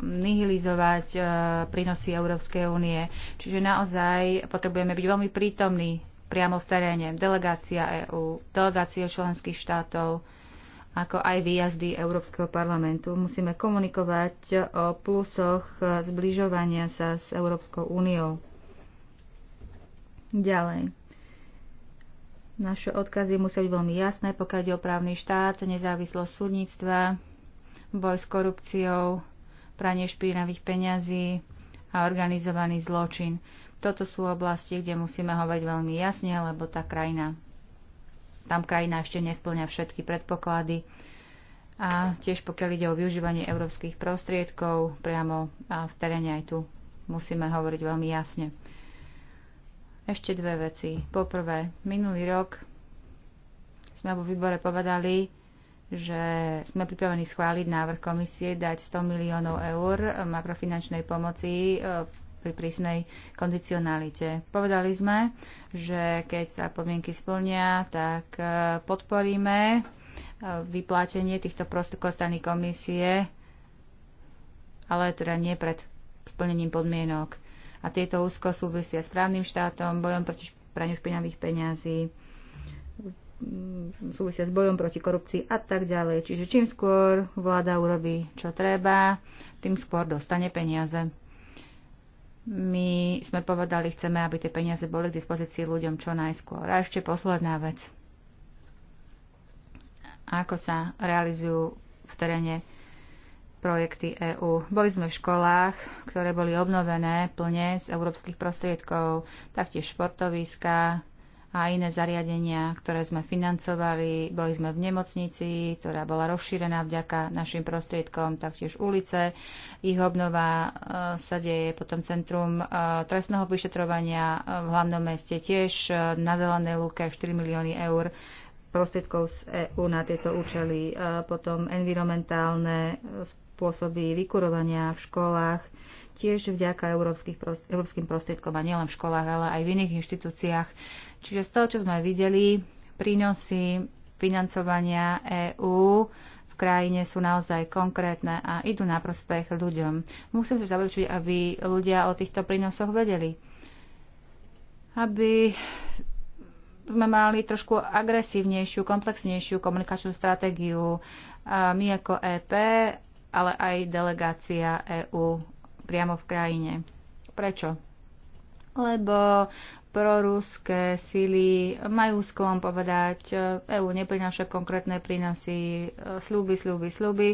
nihilizovať e, prínosy Európskej únie. Čiže naozaj potrebujeme byť veľmi prítomní priamo v teréne. Delegácia EÚ, delegácia členských štátov, ako aj výjazdy Európskeho parlamentu. Musíme komunikovať o plusoch zbližovania sa s Európskou úniou. Ďalej. Naše odkazy musia byť veľmi jasné, pokiaľ je právny štát, nezávislosť súdnictva, boj s korupciou, pranie špinavých peňazí a organizovaný zločin. Toto sú oblasti, kde musíme hovať veľmi jasne, lebo tá krajina tam krajina ešte nesplňa všetky predpoklady. A tiež pokiaľ ide o využívanie európskych prostriedkov priamo v teréne aj tu musíme hovoriť veľmi jasne. Ešte dve veci. Poprvé, minulý rok sme vo výbore povedali, že sme pripravení schváliť návrh komisie dať 100 miliónov eur makrofinančnej pomoci v e, pri prísnej kondicionalite. Povedali sme, že keď sa podmienky splnia, tak e, podporíme e, vyplatenie týchto prostriedkov strany komisie, ale teda nie pred splnením podmienok. A tieto úzko súvisia s právnym štátom, bojom proti praniu špinavých peňazí, mm, súvisia s bojom proti korupcii a tak ďalej. Čiže čím skôr vláda urobí, čo treba, tým skôr dostane peniaze. My sme povedali, chceme, aby tie peniaze boli k dispozícii ľuďom čo najskôr. A ešte posledná vec. Ako sa realizujú v teréne projekty EÚ. Boli sme v školách, ktoré boli obnovené plne z európskych prostriedkov, taktiež športoviska, a iné zariadenia, ktoré sme financovali. Boli sme v nemocnici, ktorá bola rozšírená vďaka našim prostriedkom, taktiež ulice. Ich obnova e, sa deje potom Centrum e, trestného vyšetrovania e, v hlavnom meste tiež na zelené lúke 4 milióny eur prostriedkov z EÚ na tieto účely. Potom environmentálne spôsoby vykurovania v školách, tiež vďaka európskym prostriedkom a nielen v školách, ale aj v iných inštitúciách Čiže z toho, čo sme videli, prínosy financovania EÚ v krajine sú naozaj konkrétne a idú na prospech ľuďom. Musím sa zabezpečiť, aby ľudia o týchto prínosoch vedeli. Aby sme mali trošku agresívnejšiu, komplexnejšiu komunikačnú stratégiu. A my ako EP, ale aj delegácia EÚ priamo v krajine. Prečo? Lebo proruské sily majú sklon povedať, EÚ e neprináša konkrétne prínosy, e, sľuby, sľuby, sľuby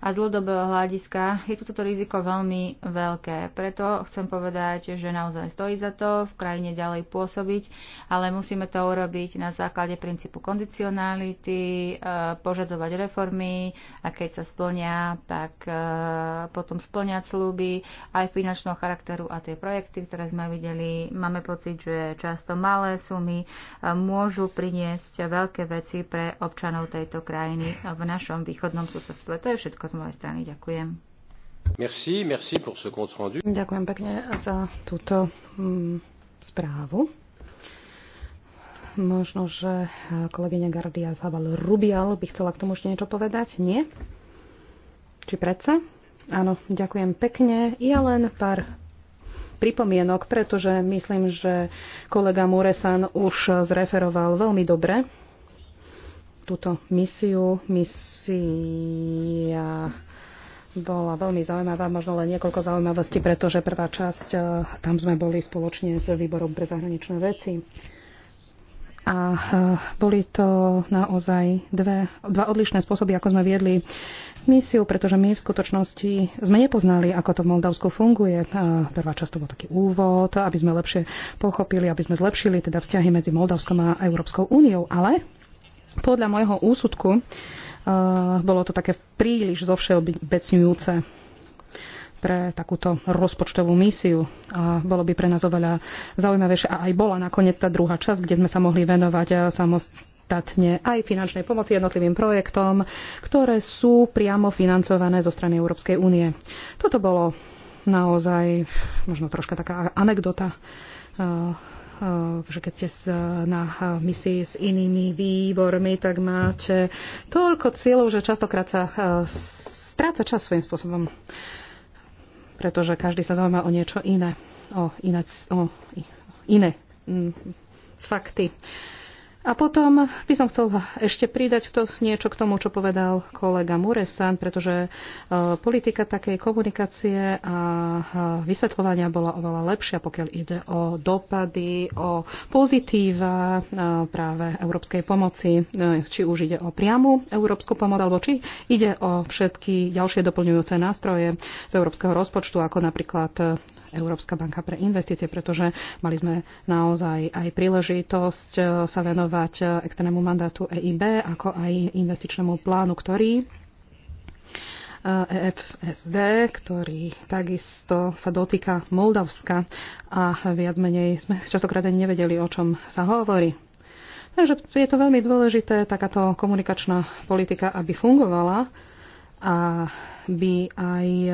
a z dlhodobého hľadiska je toto riziko veľmi veľké. Preto chcem povedať, že naozaj stojí za to v krajine ďalej pôsobiť, ale musíme to urobiť na základe princípu kondicionality, e, požadovať reformy a keď sa splnia, tak potom splňať sľuby aj finančného charakteru a tie projekty, ktoré sme videli, máme pocit, že často malé sumy e, môžu priniesť veľké veci pre občanov tejto krajiny v našom východnom susedstve. To je všetko z mojej strany. Ďakujem. Merci, merci pour ce compte rendu. Ďakujem pekne za túto mm, správu. Možno, že e, kolegyňa Gardia Fabal Rubial by chcela k tomu ešte niečo povedať? Nie? Či predsa? Áno, ďakujem pekne. Ja len pár pripomienok, pretože myslím, že kolega Muresan už zreferoval veľmi dobre túto misiu. Misia bola veľmi zaujímavá, možno len niekoľko zaujímavostí, pretože prvá časť, e, tam sme boli spoločne s výborom pre zahraničné veci. A e, boli to naozaj dve, dva odlišné spôsoby, ako sme viedli misiu, pretože my v skutočnosti sme nepoznali, ako to v Moldavsku funguje. prvá časť to bol taký úvod, aby sme lepšie pochopili, aby sme zlepšili teda vzťahy medzi Moldavskom a Európskou úniou. Ale podľa môjho úsudku uh, bolo to také príliš zovšeobecňujúce pre takúto rozpočtovú misiu. A bolo by pre nás oveľa zaujímavejšie. A aj bola nakoniec tá druhá časť, kde sme sa mohli venovať eh, samostatne podstatne aj finančnej pomoci jednotlivým projektom, ktoré sú priamo financované zo strany Európskej únie. Toto bolo naozaj možno troška taká anekdota eh, eh, že keď ste na misii s inými výbormi, tak máte toľko cieľov, že častokrát sa eh, stráca čas svojím spôsobom, pretože každý sa zaujíma o niečo iné, o iné, o iné mm, fakty. A potom by som chcel ešte pridať to niečo k tomu, čo povedal kolega Muresan, pretože e, politika takej komunikácie a e, vysvetľovania bola oveľa lepšia, pokiaľ ide o dopady, o pozitíva e, práve európskej pomoci, či už ide o priamu európsku pomoc, alebo či ide o všetky ďalšie doplňujúce nástroje z európskeho rozpočtu, ako napríklad Európska banka pre investície, pretože mali sme naozaj aj príležitosť sa venovať venovať externému mandátu EIB, ako aj investičnému plánu, ktorý EFSD, eh, e ktorý takisto sa dotýka Moldavska a viac menej sme častokrát ani nevedeli, o čom sa hovorí. Takže je to veľmi dôležité, takáto komunikačná politika, aby fungovala a by aj e,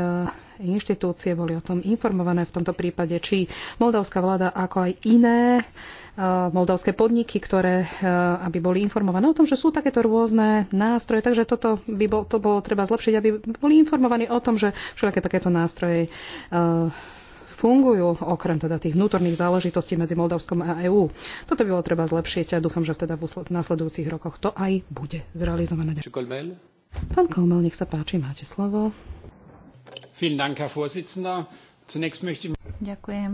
inštitúcie boli o tom informované v tomto prípade, či moldavská vláda, ako aj iné e, moldavské podniky, ktoré e, aby boli informované o tom, že sú takéto rôzne nástroje, takže toto by bol, to bolo treba zlepšiť, aby boli informovaní o tom, že všelijaké takéto nástroje fungujú, okrem teda tých vnútorných záležitostí medzi Moldavskom a EÚ. Toto by bolo treba zlepšiť a dúfam, že teda v nasledujúcich rokoch to aj bude zrealizované. Pán Komel, nech sa páči, máte slovo. Ďakujem.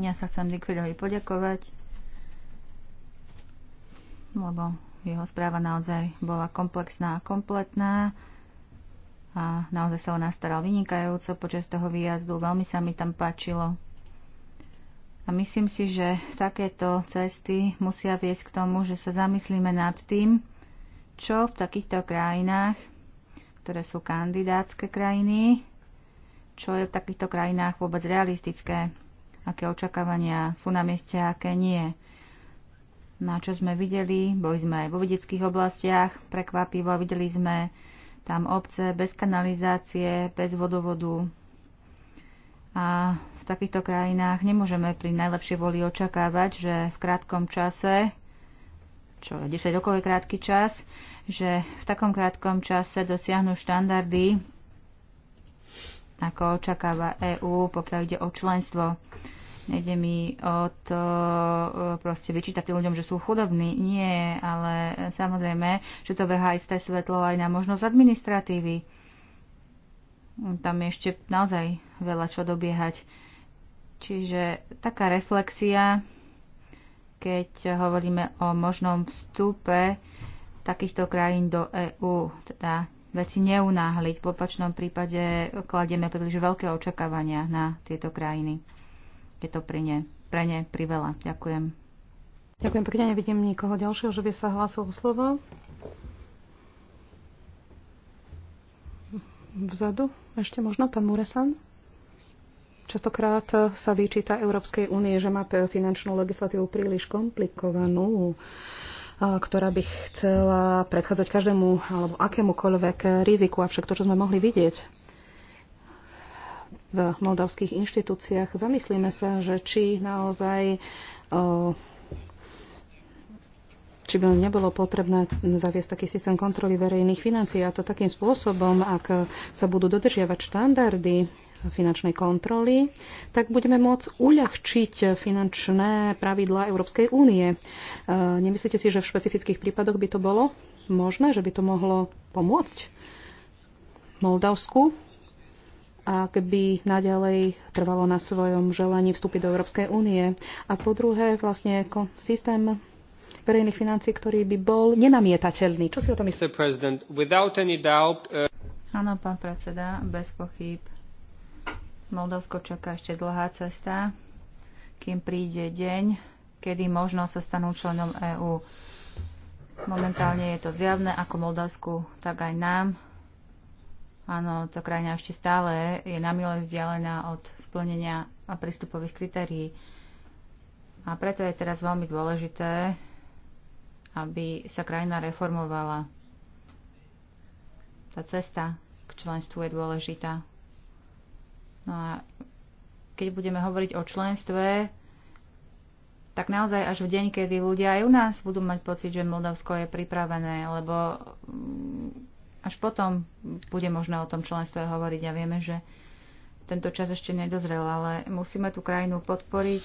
Ja sa chcem Likvidovi poďakovať, lebo jeho správa naozaj bola komplexná a kompletná a naozaj sa o nás staral vynikajúco počas toho výjazdu. Veľmi sa mi tam páčilo. A myslím si, že takéto cesty musia viesť k tomu, že sa zamyslíme nad tým, čo v takýchto krajinách, ktoré sú kandidátske krajiny, čo je v takýchto krajinách vôbec realistické, aké očakávania sú na mieste a aké nie. Na čo sme videli, boli sme aj vo vedeckých oblastiach, prekvapivo videli sme tam obce bez kanalizácie, bez vodovodu. A v takýchto krajinách nemôžeme pri najlepšej voli očakávať, že v krátkom čase čo 10 rokov je krátky čas, že v takom krátkom čase dosiahnu štandardy, ako očakáva EÚ, pokiaľ ide o členstvo. Nejde mi o to e, proste vyčítať tým ľuďom, že sú chudobní. Nie, ale samozrejme, že to vrhá isté svetlo aj na možnosť administratívy. Tam je ešte naozaj veľa čo dobiehať. Čiže taká reflexia keď hovoríme o možnom vstupe takýchto krajín do EÚ, teda veci neunáhliť. V opačnom prípade kladieme príliš veľké očakávania na tieto krajiny. Je to pri ne, pre ne priveľa. Ďakujem. Ďakujem pekne, nevidím nikoho ďalšieho, že by sa hlásil o slovo. Vzadu ešte možno pán Muresan. Častokrát e, sa vyčíta Európskej únie, že má finančnú legislatívu príliš komplikovanú e, ktorá by chcela predchádzať každému alebo akémukoľvek riziku. Avšak to, čo sme mohli vidieť v moldavských inštitúciách, zamyslíme sa, že či naozaj e, či by nebolo potrebné zaviesť taký systém kontroly verejných financií a to takým spôsobom, ak sa budú dodržiavať štandardy finančnej kontroly, tak budeme môcť uľahčiť finančné pravidlá Európskej únie. E, nemyslíte si, že v špecifických prípadoch by to bolo možné, že by to mohlo pomôcť Moldavsku, ak by naďalej trvalo na svojom želaní vstúpiť do Európskej únie. A po druhé, vlastne systém verejných financí, ktorý by bol nenamietateľný. Čo si o tom myslíte? Uh, Áno, pán predseda, bez pochyb Moldavsko čaká ešte dlhá cesta, kým príde deň, kedy možno sa stanú členom EÚ. Momentálne je to zjavné ako Moldavsku, tak aj nám. Áno, tá krajina ešte stále je na mile vzdialená od splnenia a prístupových kritérií. A preto je teraz veľmi dôležité, aby sa krajina reformovala. Tá cesta k členstvu je dôležitá. No a keď budeme hovoriť o členstve, tak naozaj až v deň, kedy ľudia aj u nás budú mať pocit, že Moldavsko je pripravené, lebo mm, až potom bude možné o tom členstve hovoriť a vieme, že tento čas ešte nedozrel, ale musíme tú krajinu podporiť,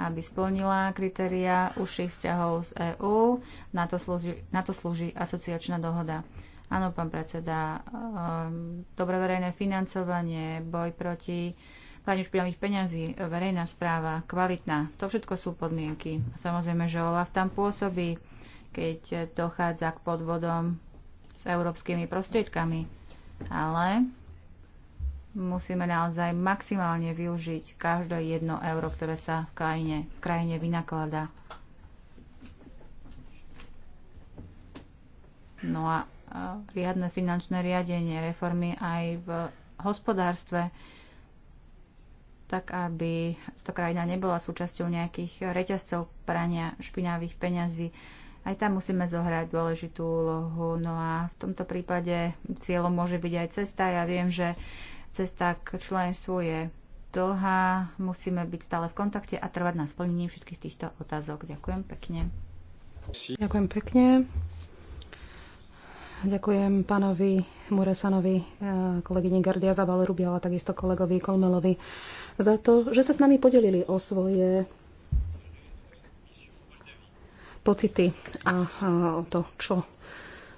aby splnila kritéria užších vzťahov z EÚ. Na to slúži, na to slúži asociačná dohoda. Áno, pán predseda, ehm, dobré verejné financovanie, boj proti praniu špinavých peňazí, verejná správa, kvalitná, to všetko sú podmienky. Samozrejme, že OLAF tam pôsobí, keď dochádza k podvodom s európskymi prostriedkami. Ale musíme naozaj maximálne využiť každé jedno euro, ktoré sa v krajine, v krajine vynakladá. No a riadne finančné riadenie, reformy aj v hospodárstve, tak aby to krajina nebola súčasťou nejakých reťazcov prania špinavých peňazí. Aj tam musíme zohrať dôležitú úlohu. No a v tomto prípade cieľom môže byť aj cesta. Ja viem, že cesta k členstvu je dlhá. Musíme byť stále v kontakte a trvať na splnení všetkých týchto otázok. Ďakujem pekne. Ďakujem pekne. Ďakujem pánovi Muresanovi, eh, kolegyni Gardia Zabal Rubiala, takisto kolegovi Kolmelovi za to, že sa s nami podelili o svoje pocity a, a o to, čo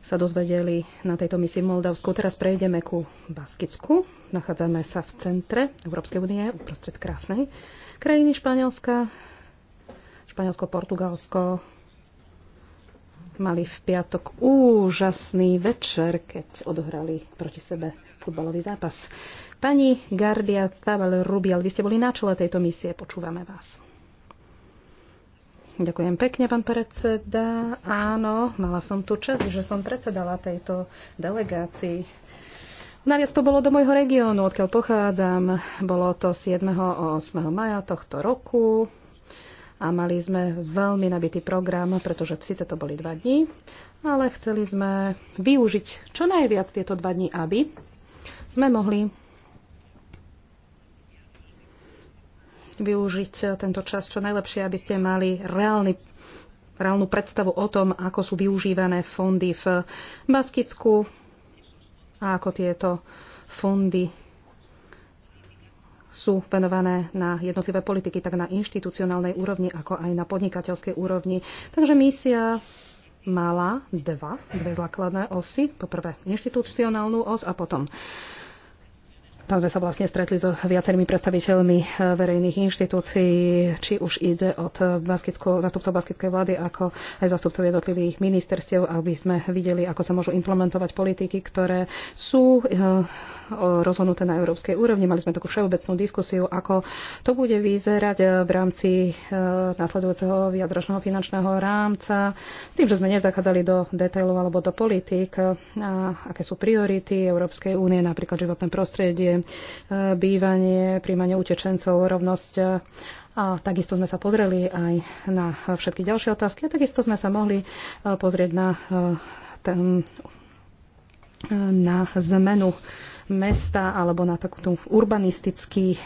sa dozvedeli na tejto misii v Moldavsku. Teraz prejdeme ku Baskicku. Nachádzame sa v centre Európskej únie, uprostred krásnej krajiny Španielska. Španielsko, Portugalsko, mali v piatok úžasný večer, keď odohrali proti sebe futbalový zápas. Pani Gardia Tavel Rubial, vy ste boli na čele tejto misie, počúvame vás. Ďakujem pekne, pán predseda. Áno, mala som tu čest, že som predsedala tejto delegácii. Naviac to bolo do môjho regiónu, odkiaľ pochádzam. Bolo to 7. a 8. maja tohto roku a mali sme veľmi nabitý program, pretože síce to boli dva dní, ale chceli sme využiť čo najviac tieto dva dní, aby sme mohli využiť tento čas čo najlepšie, aby ste mali reálny reálnu predstavu o tom, ako sú využívané fondy v Baskicku a ako tieto fondy sú venované na jednotlivé politiky, tak na inštitucionálnej úrovni, ako aj na podnikateľskej úrovni. Takže misia mala dva, dve základné osy. poprvé inštitucionálnu os a potom tam sme sa vlastne stretli so viacerými predstaviteľmi eh, verejných inštitúcií, či už ide od zastupcov baskickej vlády, ako aj zastupcov jednotlivých ministerstiev, aby sme videli, ako sa môžu implementovať politiky, ktoré sú eh, rozhodnuté na európskej úrovni. Mali sme takú všeobecnú diskusiu, ako to bude vyzerať eh, v rámci nasledujúceho viacročného finančného rámca, s tým, že sme nezachádzali do detailov alebo do politik, a aké sú priority Európskej únie, napríklad životné prostredie, Eh, bývanie, príjmanie utečencov, rovnosť a takisto sme sa pozreli aj na všetky ďalšie otázky a takisto sme sa mohli eh, pozrieť na, eh, ten, na zmenu mesta alebo na takúto urbanistický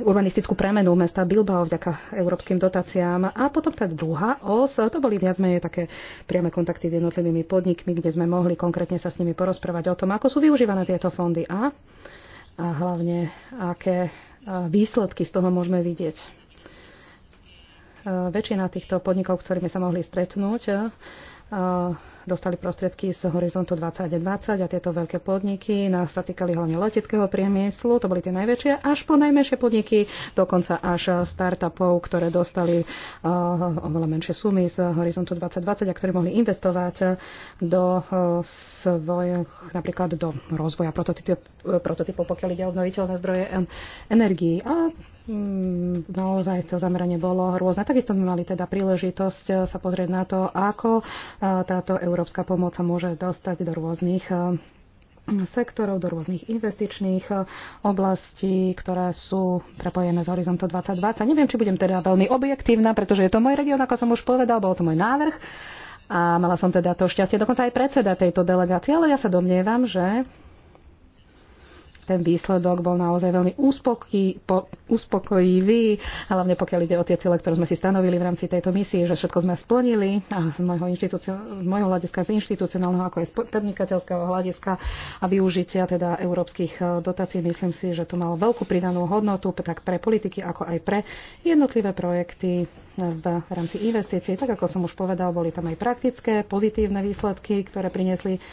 urbanistickú premenu mesta Bilbao vďaka európskym dotáciám. A potom tá druhá os, to boli viac menej také priame kontakty s jednotlivými podnikmi, kde sme mohli konkrétne sa s nimi porozprávať o tom, ako sú využívané tieto fondy a, a hlavne aké výsledky z toho môžeme vidieť. Väčšina týchto podnikov, ktorými sa mohli stretnúť, dostali prostriedky z Horizontu 2020 a tieto veľké podniky nás sa týkali hlavne leteckého priemyslu, to boli tie najväčšie, až po najmenšie podniky, dokonca až startupov, ktoré dostali oveľa menšie sumy z Horizontu 2020 a ktorí mohli investovať do svojich, napríklad do rozvoja prototypov, pokiaľ ide o obnoviteľné zdroje energii. A Mm, naozaj to zameranie bolo rôzne. Takisto sme mali teda príležitosť eh, sa pozrieť na to, ako eh, táto európska pomoc sa môže dostať do rôznych eh, sektorov, do rôznych investičných oblastí, ktoré sú prepojené s Horizontom 2020. Neviem, či budem teda veľmi objektívna, pretože je to môj región, ako som už povedal, bol to môj návrh. A mala som teda to šťastie dokonca aj predseda tejto delegácie, ale ja sa domnievam, že ten výsledok bol naozaj veľmi úspoký, po, uspokojivý, hlavne pokiaľ ide o tie ciele, ktoré sme si stanovili v rámci tejto misie, že všetko sme splnili a z môjho, z môjho hľadiska, z inštitucionálneho ako aj z podnikateľského hľadiska a využitia teda európskych e, dotácií. Myslím si, že to malo veľkú pridanú hodnotu tak pre politiky, ako aj pre jednotlivé projekty e, v rámci investícií. Tak ako som už povedal, boli tam aj praktické, pozitívne výsledky, ktoré priniesli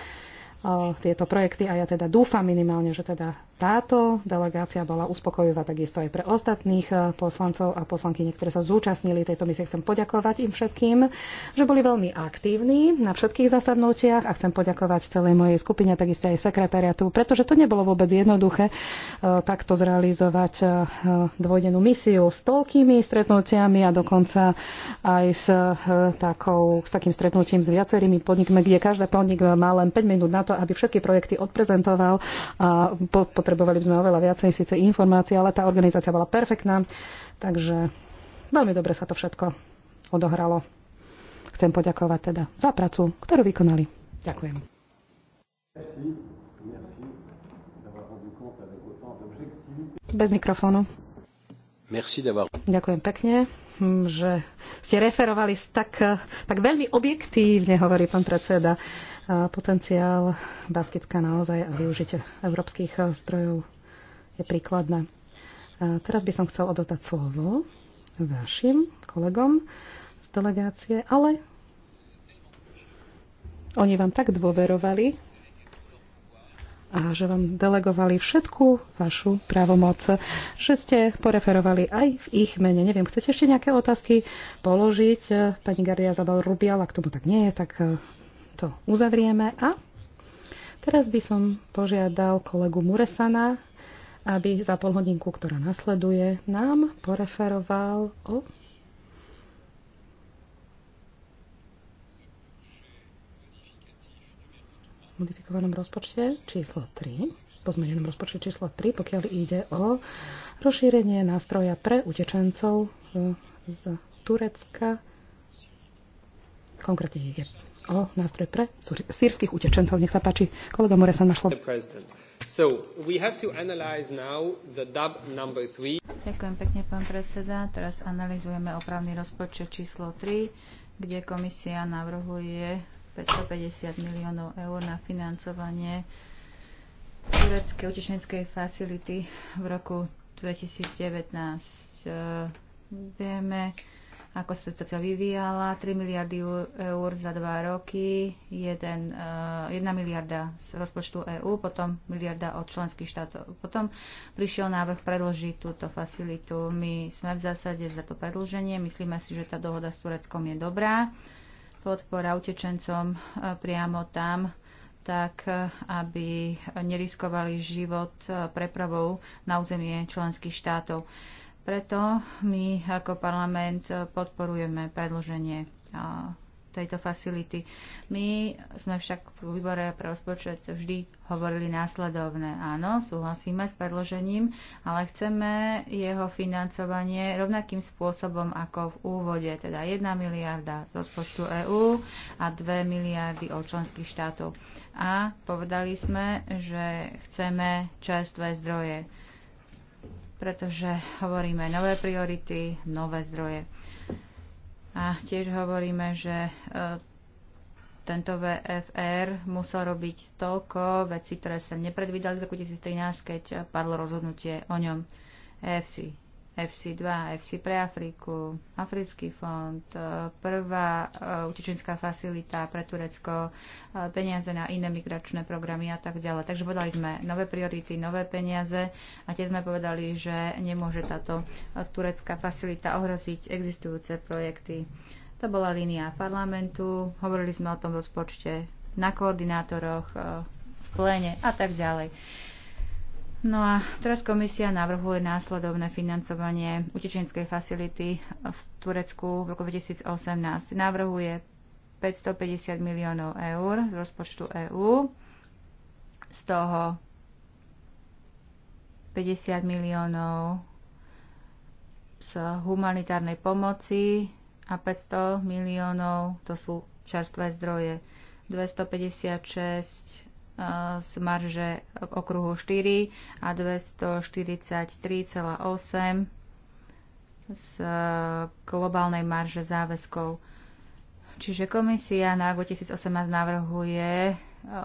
tieto projekty a ja teda dúfam minimálne, že teda táto delegácia bola uspokojivá takisto aj pre ostatných eh, poslancov a poslanky, ktoré sa zúčastnili tejto misie. Chcem poďakovať im všetkým, že boli veľmi aktívni na všetkých zasadnutiach a chcem poďakovať celej mojej skupine, takisto aj sekretariatu, pretože to nebolo vôbec jednoduché eh, takto zrealizovať eh, dvojdenú misiu s toľkými stretnutiami a dokonca aj s, takou, s takým stretnutím s viacerými podnikmi, kde každý podnik má len 5 minút na to, aby všetky projekty odprezentoval a potrebujú potrebovali by sme oveľa viacej síce informácií, ale tá organizácia bola perfektná, takže veľmi dobre sa to všetko odohralo. Chcem poďakovať teda za prácu, ktorú vykonali. Ďakujem. Bez mikrofónu. Ďakujem pekne že ste referovali tak, tak veľmi objektívne, hovorí pán predseda. Potenciál Baskická naozaj a využitie európskych strojov eh, je príkladné. Teraz by som chcel odotať slovo vašim kolegom z delegácie, ale oni vám tak dôverovali a že vám delegovali všetku vašu právomoc, že ste poreferovali aj v ich mene. Neviem, chcete ešte nejaké otázky položiť? Pani Garia Zabal Rubial, ak tomu tak nie je, tak eh, to uzavrieme a teraz by som požiadal kolegu Muresana, aby za pol hodinku, ktorá nasleduje, nám poreferoval o modifikovanom rozpočte číslo 3 pozmenenom rozpočte číslo 3, pokiaľ ide o rozšírenie nástroja pre utečencov e, z Turecka. Konkrétne ide o nástroj pre sírskych utečencov. Nech sa páči, kolega Muresan sa našlo. So, Ďakujem pekne, pán predseda. Teraz analizujeme opravný rozpočet číslo 3, kde komisia navrhuje 550 miliónov eur na financovanie tureckej utečeneckej facility v roku 2019. Vieme, ako sa situácia vyvíjala. 3 miliardy eur za 2 roky, 1, 1 eh, miliarda z rozpočtu EÚ, potom miliarda od členských štátov. Potom prišiel návrh predložiť túto facilitu. My sme v zásade za to predlženie. Myslíme si, že tá dohoda s Tureckom je dobrá. Podpora utečencom eh, priamo tam tak eh, aby neriskovali život prepravou na územie členských štátov. Preto my ako parlament podporujeme predloženie tejto facility. My sme však v výbore pre rozpočet vždy hovorili následovné. Áno, súhlasíme s predložením, ale chceme jeho financovanie rovnakým spôsobom ako v úvode, teda 1 miliarda z rozpočtu EÚ a 2 miliardy od členských štátov. A povedali sme, že chceme čerstvé zdroje pretože hovoríme nové priority, nové zdroje. A tiež hovoríme, že e, tento VFR musel robiť toľko vecí, ktoré sa nepredvídali v roku 2013, keď padlo rozhodnutie o ňom EFC FC2, FC pre Afriku, Africký fond, e, prvá e, utečenská facilita pre Turecko, e, peniaze na iné migračné programy a tak ďalej. Takže povedali sme nové priority, nové peniaze a tie sme povedali, že nemôže táto turecká facilita ohroziť existujúce projekty. To bola línia parlamentu, hovorili sme o tom rozpočte na koordinátoroch, v pléne a tak ďalej. No a teraz komisia navrhuje následovné financovanie utečenskej facility v Turecku v roku 2018. Navrhuje 550 miliónov eur z rozpočtu EÚ, z toho 50 miliónov z humanitárnej pomoci a 500 miliónov to sú čerstvé zdroje. 256 Eh, z marže eh, okruhu 4 a 243,8 z globálnej marže záväzkov. Čiže komisia na rok 2018 navrhuje eh,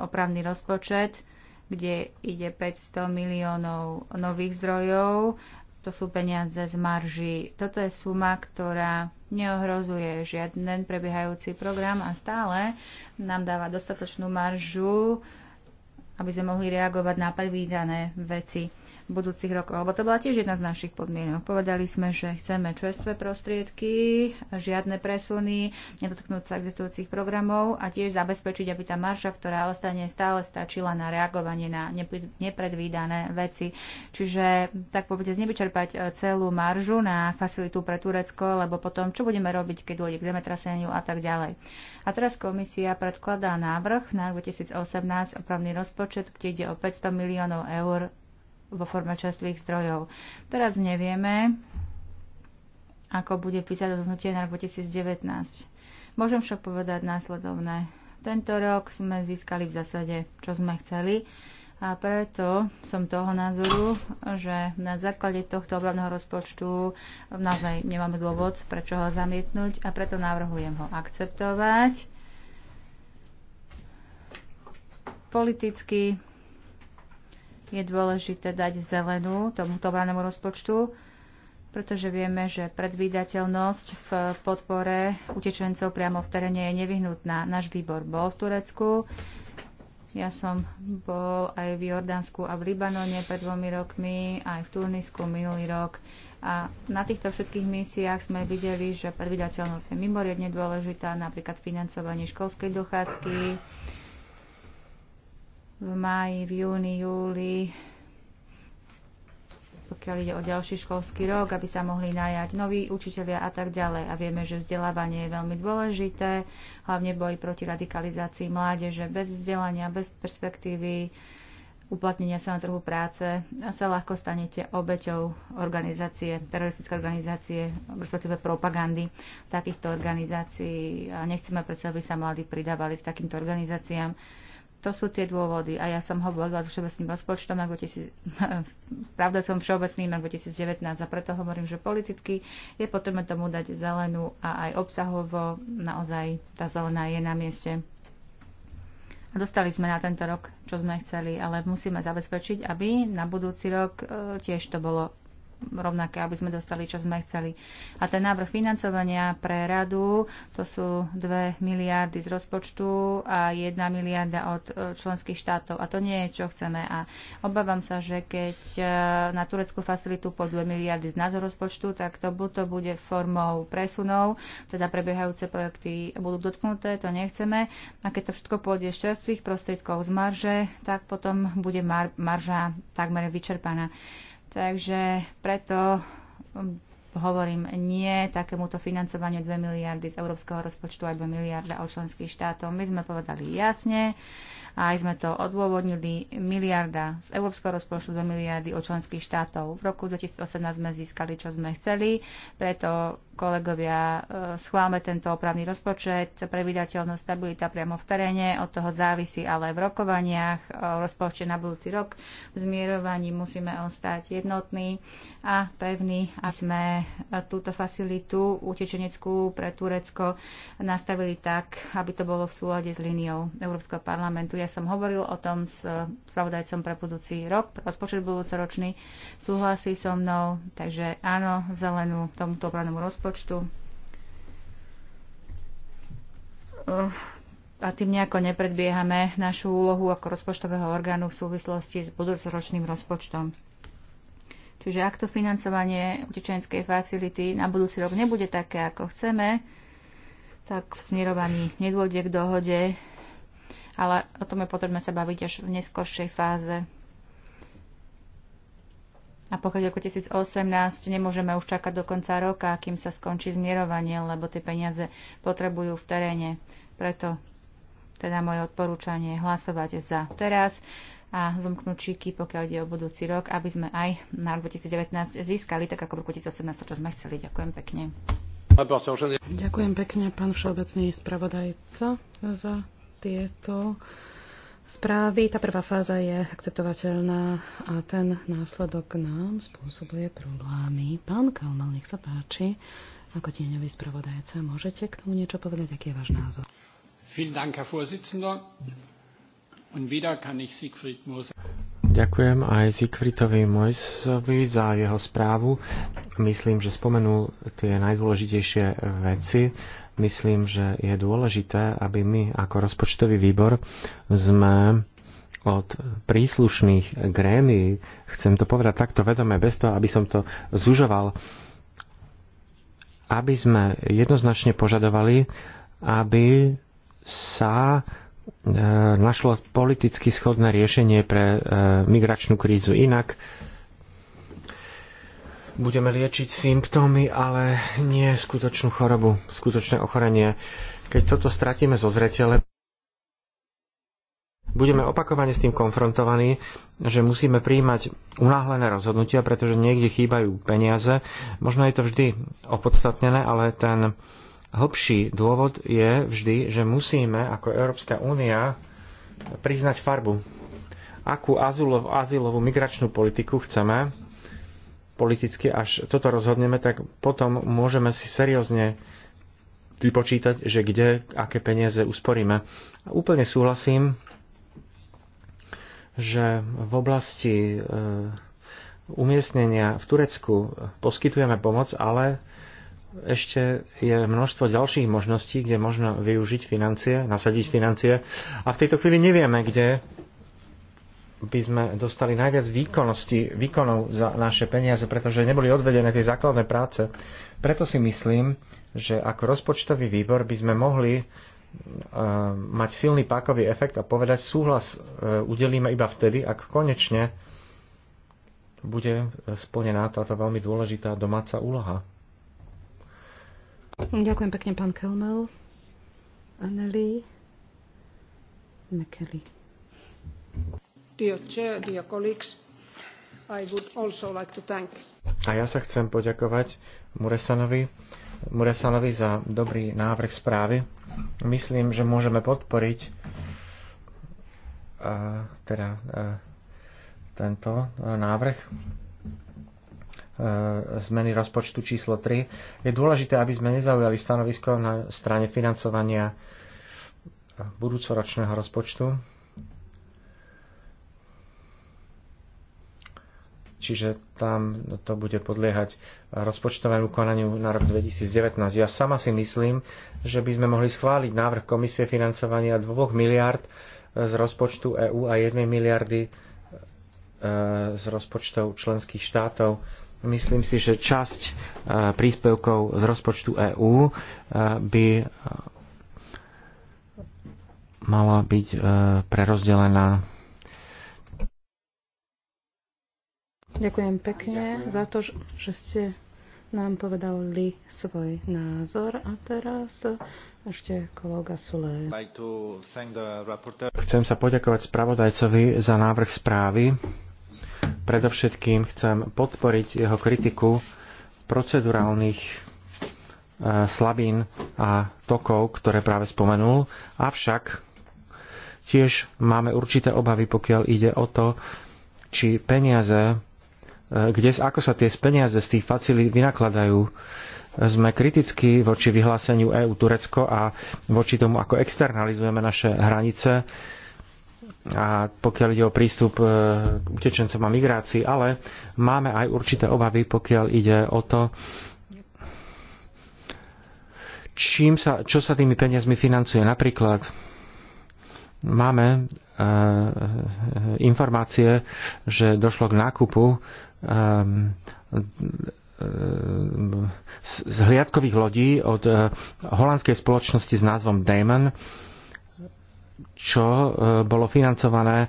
opravný rozpočet, kde ide 500 miliónov nových zdrojov. To sú peniaze z marží. Toto je suma, ktorá neohrozuje žiaden prebiehajúci program a stále nám dáva dostatočnú maržu aby sme mohli reagovať na predvídané veci budúcich rokov. Lebo to bola tiež jedna z našich podmienok. Povedali sme, že chceme čerstvé prostriedky, žiadne presuny, nedotknúť sa existujúcich programov a tiež zabezpečiť, aby tá marša, ktorá ostane stále stačila na reagovanie na nepredvídané veci. Čiže tak povedať, nevyčerpať e, celú maržu na facilitu pre Turecko, lebo potom čo budeme robiť, keď dôjde k zemetraseniu a tak ďalej. A teraz komisia predkladá návrh na 2018 opravný rozpočet, kde ide o 500 miliónov eur vo forme čerstvých zdrojov. Teraz nevieme, ako bude písať rozhodnutie na rok 2019. Môžem však povedať následovné. Tento rok sme získali v zásade, čo sme chceli a preto som toho názoru, že na základe tohto obranného rozpočtu naozaj nemáme dôvod, prečo ho zamietnúť a preto navrhujem ho akceptovať politicky je dôležité dať zelenú tomuto obranému rozpočtu, pretože vieme, že predvídateľnosť v podpore utečencov priamo v teréne je nevyhnutná. Náš výbor bol v Turecku, ja som bol aj v Jordánsku a v Libanone pred dvomi rokmi, aj v Tunisku minulý rok. A na týchto všetkých misiách sme videli, že predvydateľnosť je mimoriadne dôležitá, napríklad financovanie školskej dochádzky, v máji, v júni, júli, pokiaľ ide o ďalší školský rok, aby sa mohli najať noví učiteľia a tak ďalej. A vieme, že vzdelávanie je veľmi dôležité, hlavne boj proti radikalizácii mládeže bez vzdelania, bez perspektívy uplatnenia sa na trhu práce a sa ľahko stanete obeťou organizácie, teroristické organizácie, respektíve propagandy takýchto organizácií. A nechceme prečo aby sa mladí pridávali k takýmto organizáciám. To sú tie dôvody. A ja som hovorila s všeobecným rozpočtom, ako pravda som všeobecný roku 2019 a preto hovorím, že politicky je potrebné tomu dať zelenú a aj obsahovo naozaj tá zelená je na mieste. A dostali sme na tento rok, čo sme chceli, ale musíme zabezpečiť, aby na budúci rok e, tiež to bolo rovnaké, aby sme dostali, čo sme chceli. A ten návrh financovania pre radu, to sú 2 miliardy z rozpočtu a 1 miliarda od e, členských štátov. A to nie je, čo chceme. A obávam sa, že keď e, na tureckú facilitu po 2 miliardy z nášho rozpočtu, tak to buď to bude formou presunov, teda prebiehajúce projekty budú dotknuté, to nechceme. A keď to všetko pôjde z čerstvých prostriedkov z marže, tak potom bude mar- marža takmer vyčerpaná. Takže preto um, hovorím nie takémuto financovaniu 2 miliardy z európskeho rozpočtu aj 2 miliarda od členských štátov. My sme povedali jasne, a aj sme to odôvodnili miliarda z európskeho rozpočtu 2 miliardy od členských štátov. V roku 2018 sme získali, čo sme chceli, preto kolegovia, e, schválme tento opravný rozpočet, previdateľnosť, stabilita priamo v teréne, od toho závisí ale aj v rokovaniach, o e, rozpočte na budúci rok, v zmierovaní musíme ostať jednotní a pevní a sme e, túto facilitu utečeneckú pre Turecko nastavili tak, aby to bolo v súlade s líniou Európskeho parlamentu. Ja ja som hovoril o tom s eh, spravodajcom pre budúci rok, rozpočet budúcoročný. Súhlasí so mnou, takže áno, zelenú tomuto obranému rozpočtu. Eh, a tým nejako nepredbiehame našu úlohu ako rozpočtového orgánu v súvislosti s budúcoročným rozpočtom. Čiže ak to financovanie utečenskej facility na budúci rok nebude také, ako chceme, tak v smerovaní nedôjde k dohode ale o tom je potrebné sa baviť až v neskoršej fáze. A pokiaľ roku 2018 nemôžeme už čakať do konca roka, kým sa skončí zmierovanie, lebo tie peniaze potrebujú v teréne. Preto teda moje odporúčanie je hlasovať za teraz a zomknúť číky, pokiaľ ide o budúci rok, aby sme aj na rok 2019 získali, tak ako v roku 2018, to, čo sme chceli. Ďakujem pekne. Ďakujem pekne, pán všeobecný spravodajca, za tieto správy. Tá prvá fáza je akceptovateľná a ten následok nám spôsobuje problémy. Pán Kalmal, nech sa páči. Ako tieňový spravodajca, môžete k tomu niečo povedať? Aký je váš názor? Ďakujem aj Siegfriedovi Mojsovi za jeho správu. Myslím, že spomenul tie najdôležitejšie veci Myslím, že je dôležité, aby my ako rozpočtový výbor sme od príslušných grémy, chcem to povedať takto vedome, bez toho, aby som to zužoval, aby sme jednoznačne požadovali, aby sa e, našlo politicky schodné riešenie pre e, migračnú krízu. Inak budeme liečiť symptómy, ale nie skutočnú chorobu, skutočné ochorenie. Keď toto stratíme zo zretele, budeme opakovane s tým konfrontovaní, že musíme príjmať unáhlené rozhodnutia, pretože niekde chýbajú peniaze. Možno je to vždy opodstatnené, ale ten hlbší dôvod je vždy, že musíme ako Európska únia priznať farbu. Akú azylovú migračnú politiku chceme, politicky, až toto rozhodneme, tak potom môžeme si seriózne vypočítať, že kde, aké peniaze usporíme. A úplne súhlasím, že v oblasti e, umiestnenia v Turecku poskytujeme pomoc, ale ešte je množstvo ďalších možností, kde možno využiť financie, nasadiť financie a v tejto chvíli nevieme, kde by sme dostali najviac výkonnosti, výkonov za naše peniaze, pretože neboli odvedené tie základné práce. Preto si myslím, že ako rozpočtový výbor by sme mohli e, mať silný pákový efekt a povedať súhlas e, udelíme iba vtedy, ak konečne bude e, splnená táto veľmi dôležitá domáca úloha. Ďakujem pekne, pán Kelmel. Anneli McKelly. A ja sa chcem poďakovať Muresanovi, Muresanovi za dobrý návrh správy. Myslím, že môžeme podporiť uh, teda uh, tento uh, návrh e, zmeny rozpočtu číslo 3. Je dôležité, aby sme nezaujali stanovisko na strane financovania budúcoročného rozpočtu čiže tam to bude podliehať rozpočtovému konaniu na rok 2019. Ja sama si myslím, že by sme mohli schváliť návrh Komisie financovania 2 miliard e, z rozpočtu EÚ a 1 miliardy e, z rozpočtov členských štátov. Myslím si, že časť e, príspevkov z rozpočtu EÚ by mala byť prerozdelená Ďakujem pekne Ďakujem. za to, že ste nám povedali svoj názor. A teraz ešte kolega Sule. Chcem sa poďakovať spravodajcovi za návrh správy. Predovšetkým chcem podporiť jeho kritiku procedurálnych e, slabín a tokov, ktoré práve spomenul. Avšak tiež máme určité obavy, pokiaľ ide o to, či peniaze kde, ako sa tie peniaze z tých facilít vynakladajú. Sme kriticky voči vyhláseniu EU Turecko a voči tomu, ako externalizujeme naše hranice a pokiaľ ide o prístup e, k utečencom a migrácii, ale máme aj určité obavy, pokiaľ ide o to, čím sa, čo sa tými peniazmi financuje. Napríklad máme e, e informácie, že došlo k nákupu Ehm, ehm, z hliadkových lodí od eh, holandskej spoločnosti s názvom Damon, čo eh, bolo financované eh,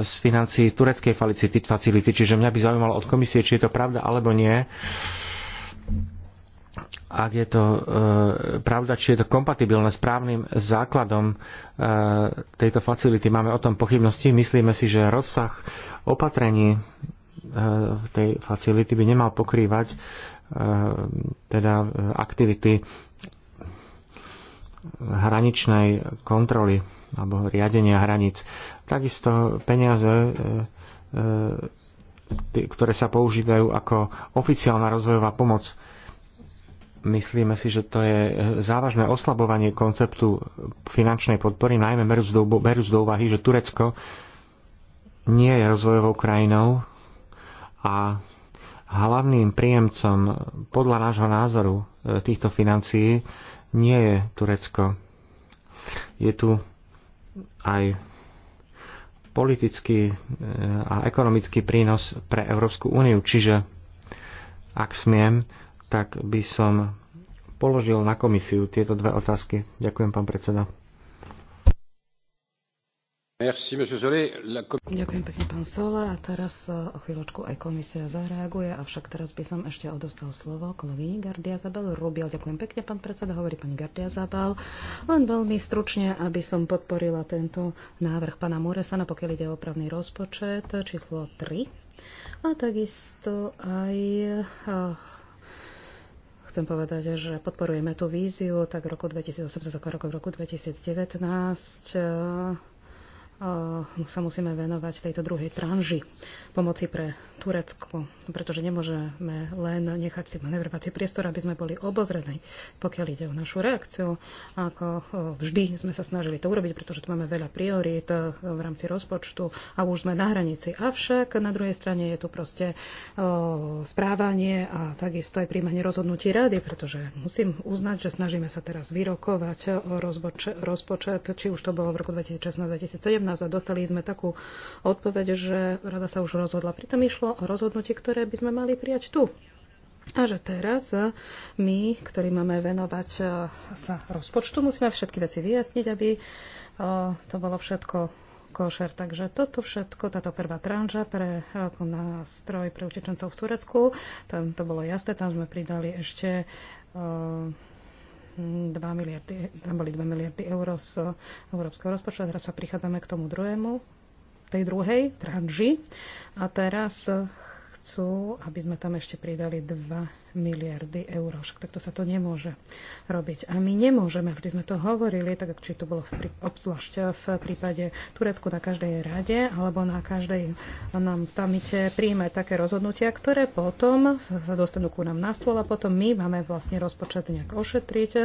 z financií tureckej facility, čiže mňa by zaujímalo od komisie, či je to pravda alebo nie ak je to e, pravda, či je to kompatibilné s právnym základom e, tejto facility. Máme o tom pochybnosti. Myslíme si, že rozsah opatrení Eh, tej facility by nemal pokrývať eh, teda eh, aktivity hraničnej kontroly alebo riadenia hraníc. Takisto peniaze, ktoré sa používajú ako oficiálna rozvojová pomoc, myslíme si, že to je závažné oslabovanie konceptu finančnej podpory, najmä berúc do, berúc do úvahy, že Turecko nie je rozvojovou krajinou, a hlavným príjemcom podľa nášho názoru e, týchto financií nie je Turecko. Je tu aj politický e, a ekonomický prínos pre Európsku úniu. Čiže, ak smiem, tak by som položil na komisiu tieto dve otázky. Ďakujem, pán predseda. Ďakujem pekne, pán Sola. A teraz e, o chvíľočku aj komisia zareaguje, avšak teraz by som ešte odostal slovo kolegyni Gardia Zabel. Rubiel, ďakujem pekne, pán predseda, hovorí pani Gardia Zabel. Len veľmi stručne, aby som podporila tento návrh pána Muresana, pokiaľ ide o opravný rozpočet e, číslo 3. A takisto aj e, chcem povedať, že podporujeme tú víziu tak v roku 2018 ako v roku 2019 sa musíme venovať tejto druhej tranži pomoci pre Turecko, pretože nemôžeme len nechať si manevrovací priestor, aby sme boli obozrení, pokiaľ ide o našu reakciu. Ako vždy sme sa snažili to urobiť, pretože tu máme veľa priorít e, v rámci rozpočtu a už sme na hranici. Avšak na druhej strane je tu proste správanie a takisto aj príjmanie rozhodnutí rady, pretože musím uznať, že snažíme sa teraz vyrokovať e, o rozpočet, či už to bolo v roku 2016-2017 a dostali sme takú odpoveď, že rada sa už rozhodla. Pritom išlo o rozhodnutie, ktoré by sme mali prijať tu. A že teraz eh, my, ktorí máme venovať eh, sa rozpočtu, musíme všetky veci vyjasniť, aby eh, to bolo všetko košer. Takže toto všetko, táto prvá tranža pre nástroj pre utečencov v Turecku, tam to bolo jasné, tam sme pridali ešte 2 miliardy, tam boli 2 miliardy eur z európskeho rozpočtu a teraz sa prichádzame k tomu druhému tej druhej tranži. A teraz chcú, aby sme tam ešte pridali 2 miliardy eur. Však takto sa to nemôže robiť. A my nemôžeme, vždy sme to hovorili, tak či to bolo v, obzvlášť v prípade Turecku na každej rade alebo na každej nám samite príjme také rozhodnutia, ktoré potom sa dostanú ku nám na stôl a potom my máme vlastne rozpočet nejak ošetriť eh,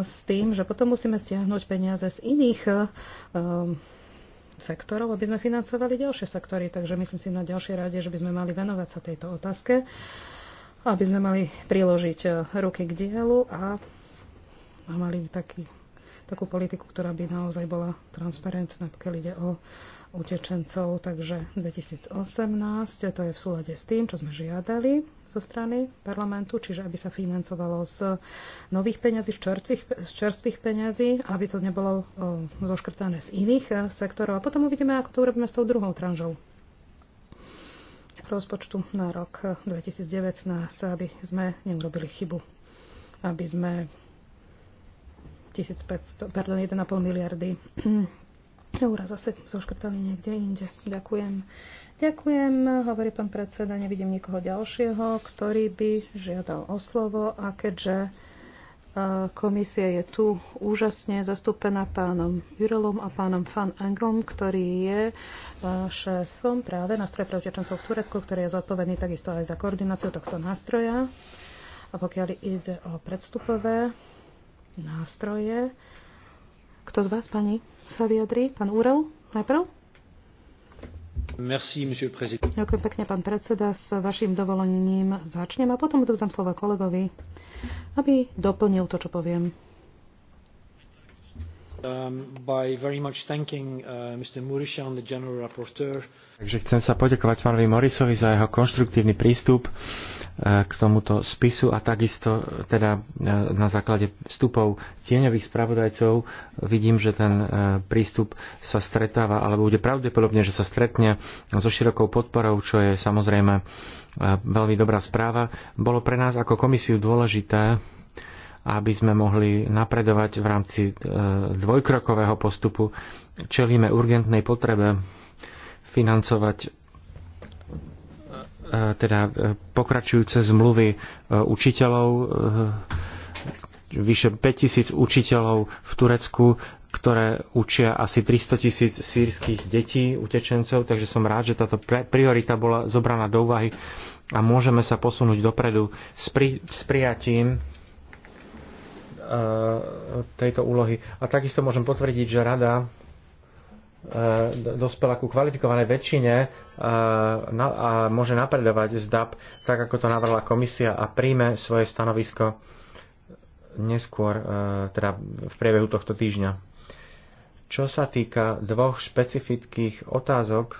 s tým, že potom musíme stiahnuť peniaze z iných um, sektorov, aby sme financovali ďalšie sektory. Takže myslím si na ďalšej rade, že by sme mali venovať sa tejto otázke, aby sme mali priložiť e, ruky k dielu a mali taký, takú politiku, ktorá by naozaj bola transparentná, pokiaľ ide o utečencov. Takže 2018, to je v súlade s tým, čo sme žiadali zo strany parlamentu, čiže aby sa financovalo z nových peňazí, z čerstvých, z čerstvých peňazí, aby to nebolo e, zoškrtané z iných e, sektorov. A potom uvidíme, ako to urobíme s tou druhou tranžou rozpočtu na rok 2019, e, aby sme neurobili chybu, aby sme 1500, pardon, 1,5 miliardy eura zase zoškrtali niekde inde. Ďakujem. Ďakujem, hovorí pán predseda, nevidím nikoho ďalšieho, ktorý by žiadal o slovo a keďže e, komisia je tu úžasne zastúpená pánom Jurelom a pánom Fan Engom, ktorý je e, šéfom práve nástroja pre utečencov v Turecku, ktorý je zodpovedný takisto aj za koordináciu tohto nástroja. A pokiaľ ide o predstupové nástroje, kto z vás, pani, sa vyjadrí? Pán Úrel najprv? Merci, Ďakujem pekne, pán predseda. S vašim dovolením začnem a potom odovzdám slova kolegovi, aby doplnil to, čo poviem. Um, by very much thanking uh, Mr. Murishan, the general rapporteur. Takže chcem sa poďakovať pánovi Morisovi za jeho konštruktívny prístup uh, k tomuto spisu a takisto uh, teda na základe vstupov tieňových spravodajcov vidím, že ten prístup sa stretáva, alebo bude pravdepodobne, že sa stretne so širokou podporou, čo je samozrejme veľmi dobrá správa. Bolo pre nás ako komisiu dôležité aby sme mohli napredovať v rámci e, dvojkrokového postupu. Čelíme urgentnej potrebe financovať e, teda e, pokračujúce zmluvy učiteľov, vyše 5000 učiteľov v Turecku, ktoré učia asi 300 tisíc sírskych detí, utečencov, takže som rád, že táto priorita bola zobraná do úvahy a môžeme sa posunúť dopredu s, pri, s prijatím Eh, tejto úlohy. A takisto môžem potvrdiť, že rada eh, dospela ku kvalifikovanej väčšine eh, a môže napredovať z DAP, tak ako to navrhla komisia a príjme svoje stanovisko neskôr, teda v priebehu tohto týždňa. Čo sa týka dvoch špecifických otázok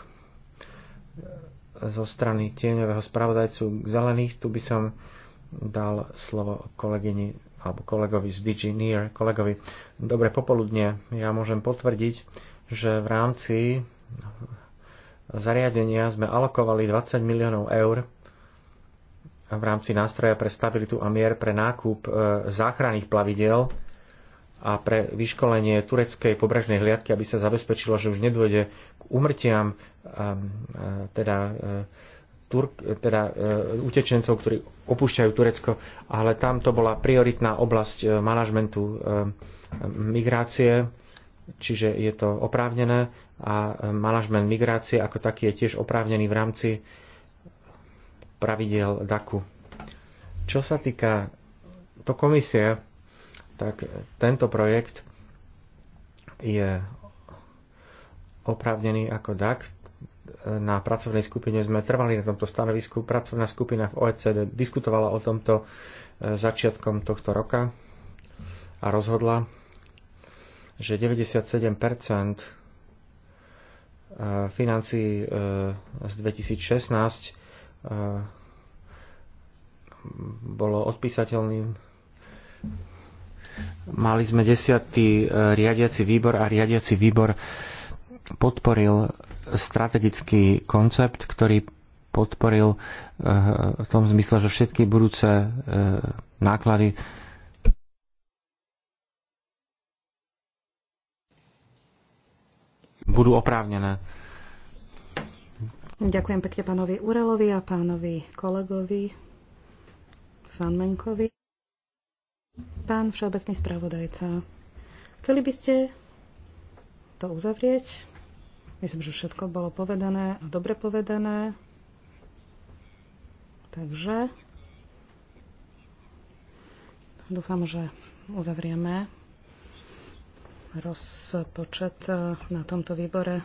zo strany tieňového spravodajcu zelených, tu by som dal slovo kolegyni alebo kolegovi z DigiNear, kolegovi. Dobre popoludne, ja môžem potvrdiť, že v rámci zariadenia sme alokovali 20 miliónov eur v rámci nástroja pre stabilitu a mier pre nákup e, záchranných plavidel a pre vyškolenie tureckej pobrežnej hliadky, aby sa zabezpečilo, že už nedôjde k umrtiam e, e, teda Turk, teda e, utečencov, ktorí opúšťajú Turecko, ale tam to bola prioritná oblasť e, manažmentu e, migrácie, čiže je to oprávnené a manažment migrácie ako taký je tiež oprávnený v rámci pravidel DAKu. Čo sa týka to komisie, tak tento projekt je oprávnený ako DAK, na pracovnej skupine sme trvali na tomto stanovisku. Pracovná skupina v OECD diskutovala o tomto e, začiatkom tohto roka a rozhodla, že 97 e, financií e, z 2016 bolo odpísateľným. Mali sme desiatý riadiaci výbor a riadiaci výbor podporil strategický koncept, ktorý podporil eh, v tom zmysle, že všetky budúce eh, náklady budú oprávnené. Ďakujem pekne pánovi Urelovi a pánovi kolegovi Fanmenkovi. Pán všeobecný spravodajca, chceli by ste to uzavrieť? Myslím, že všetko bolo povedané a dobre povedané. Takže dúfam, že uzavrieme rozpočet e, na tomto výbore.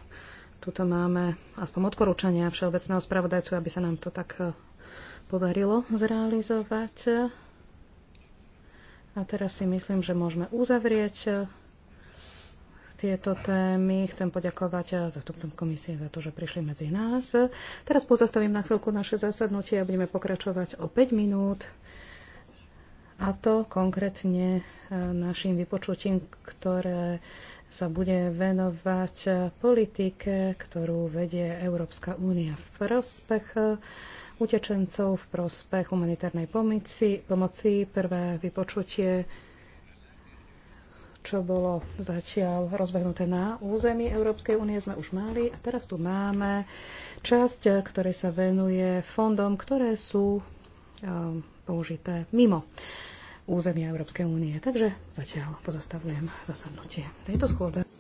Tuto máme aspoň odporúčania všeobecného spravodajcu, aby sa nám to tak e, podarilo zrealizovať. A teraz si myslím, že môžeme uzavrieť tieto témy. Chcem poďakovať eh, zastupcom komisie za to, že prišli medzi nás. Teraz pozastavím na chvíľku naše zasadnutie a budeme pokračovať o 5 minút. A to konkrétne eh, našim vypočutím, ktoré sa bude venovať eh, politike, ktorú vedie Európska únia v prospech utečencov, v prospech humanitárnej pomoci. Prvé vypočutie čo bolo zatiaľ rozbehnuté na území Európskej únie, sme už mali a teraz tu máme časť, ktorá sa venuje fondom, ktoré sú um, použité mimo územia Európskej únie. Takže zatiaľ pozastavujem zasadnutie tejto schôdze.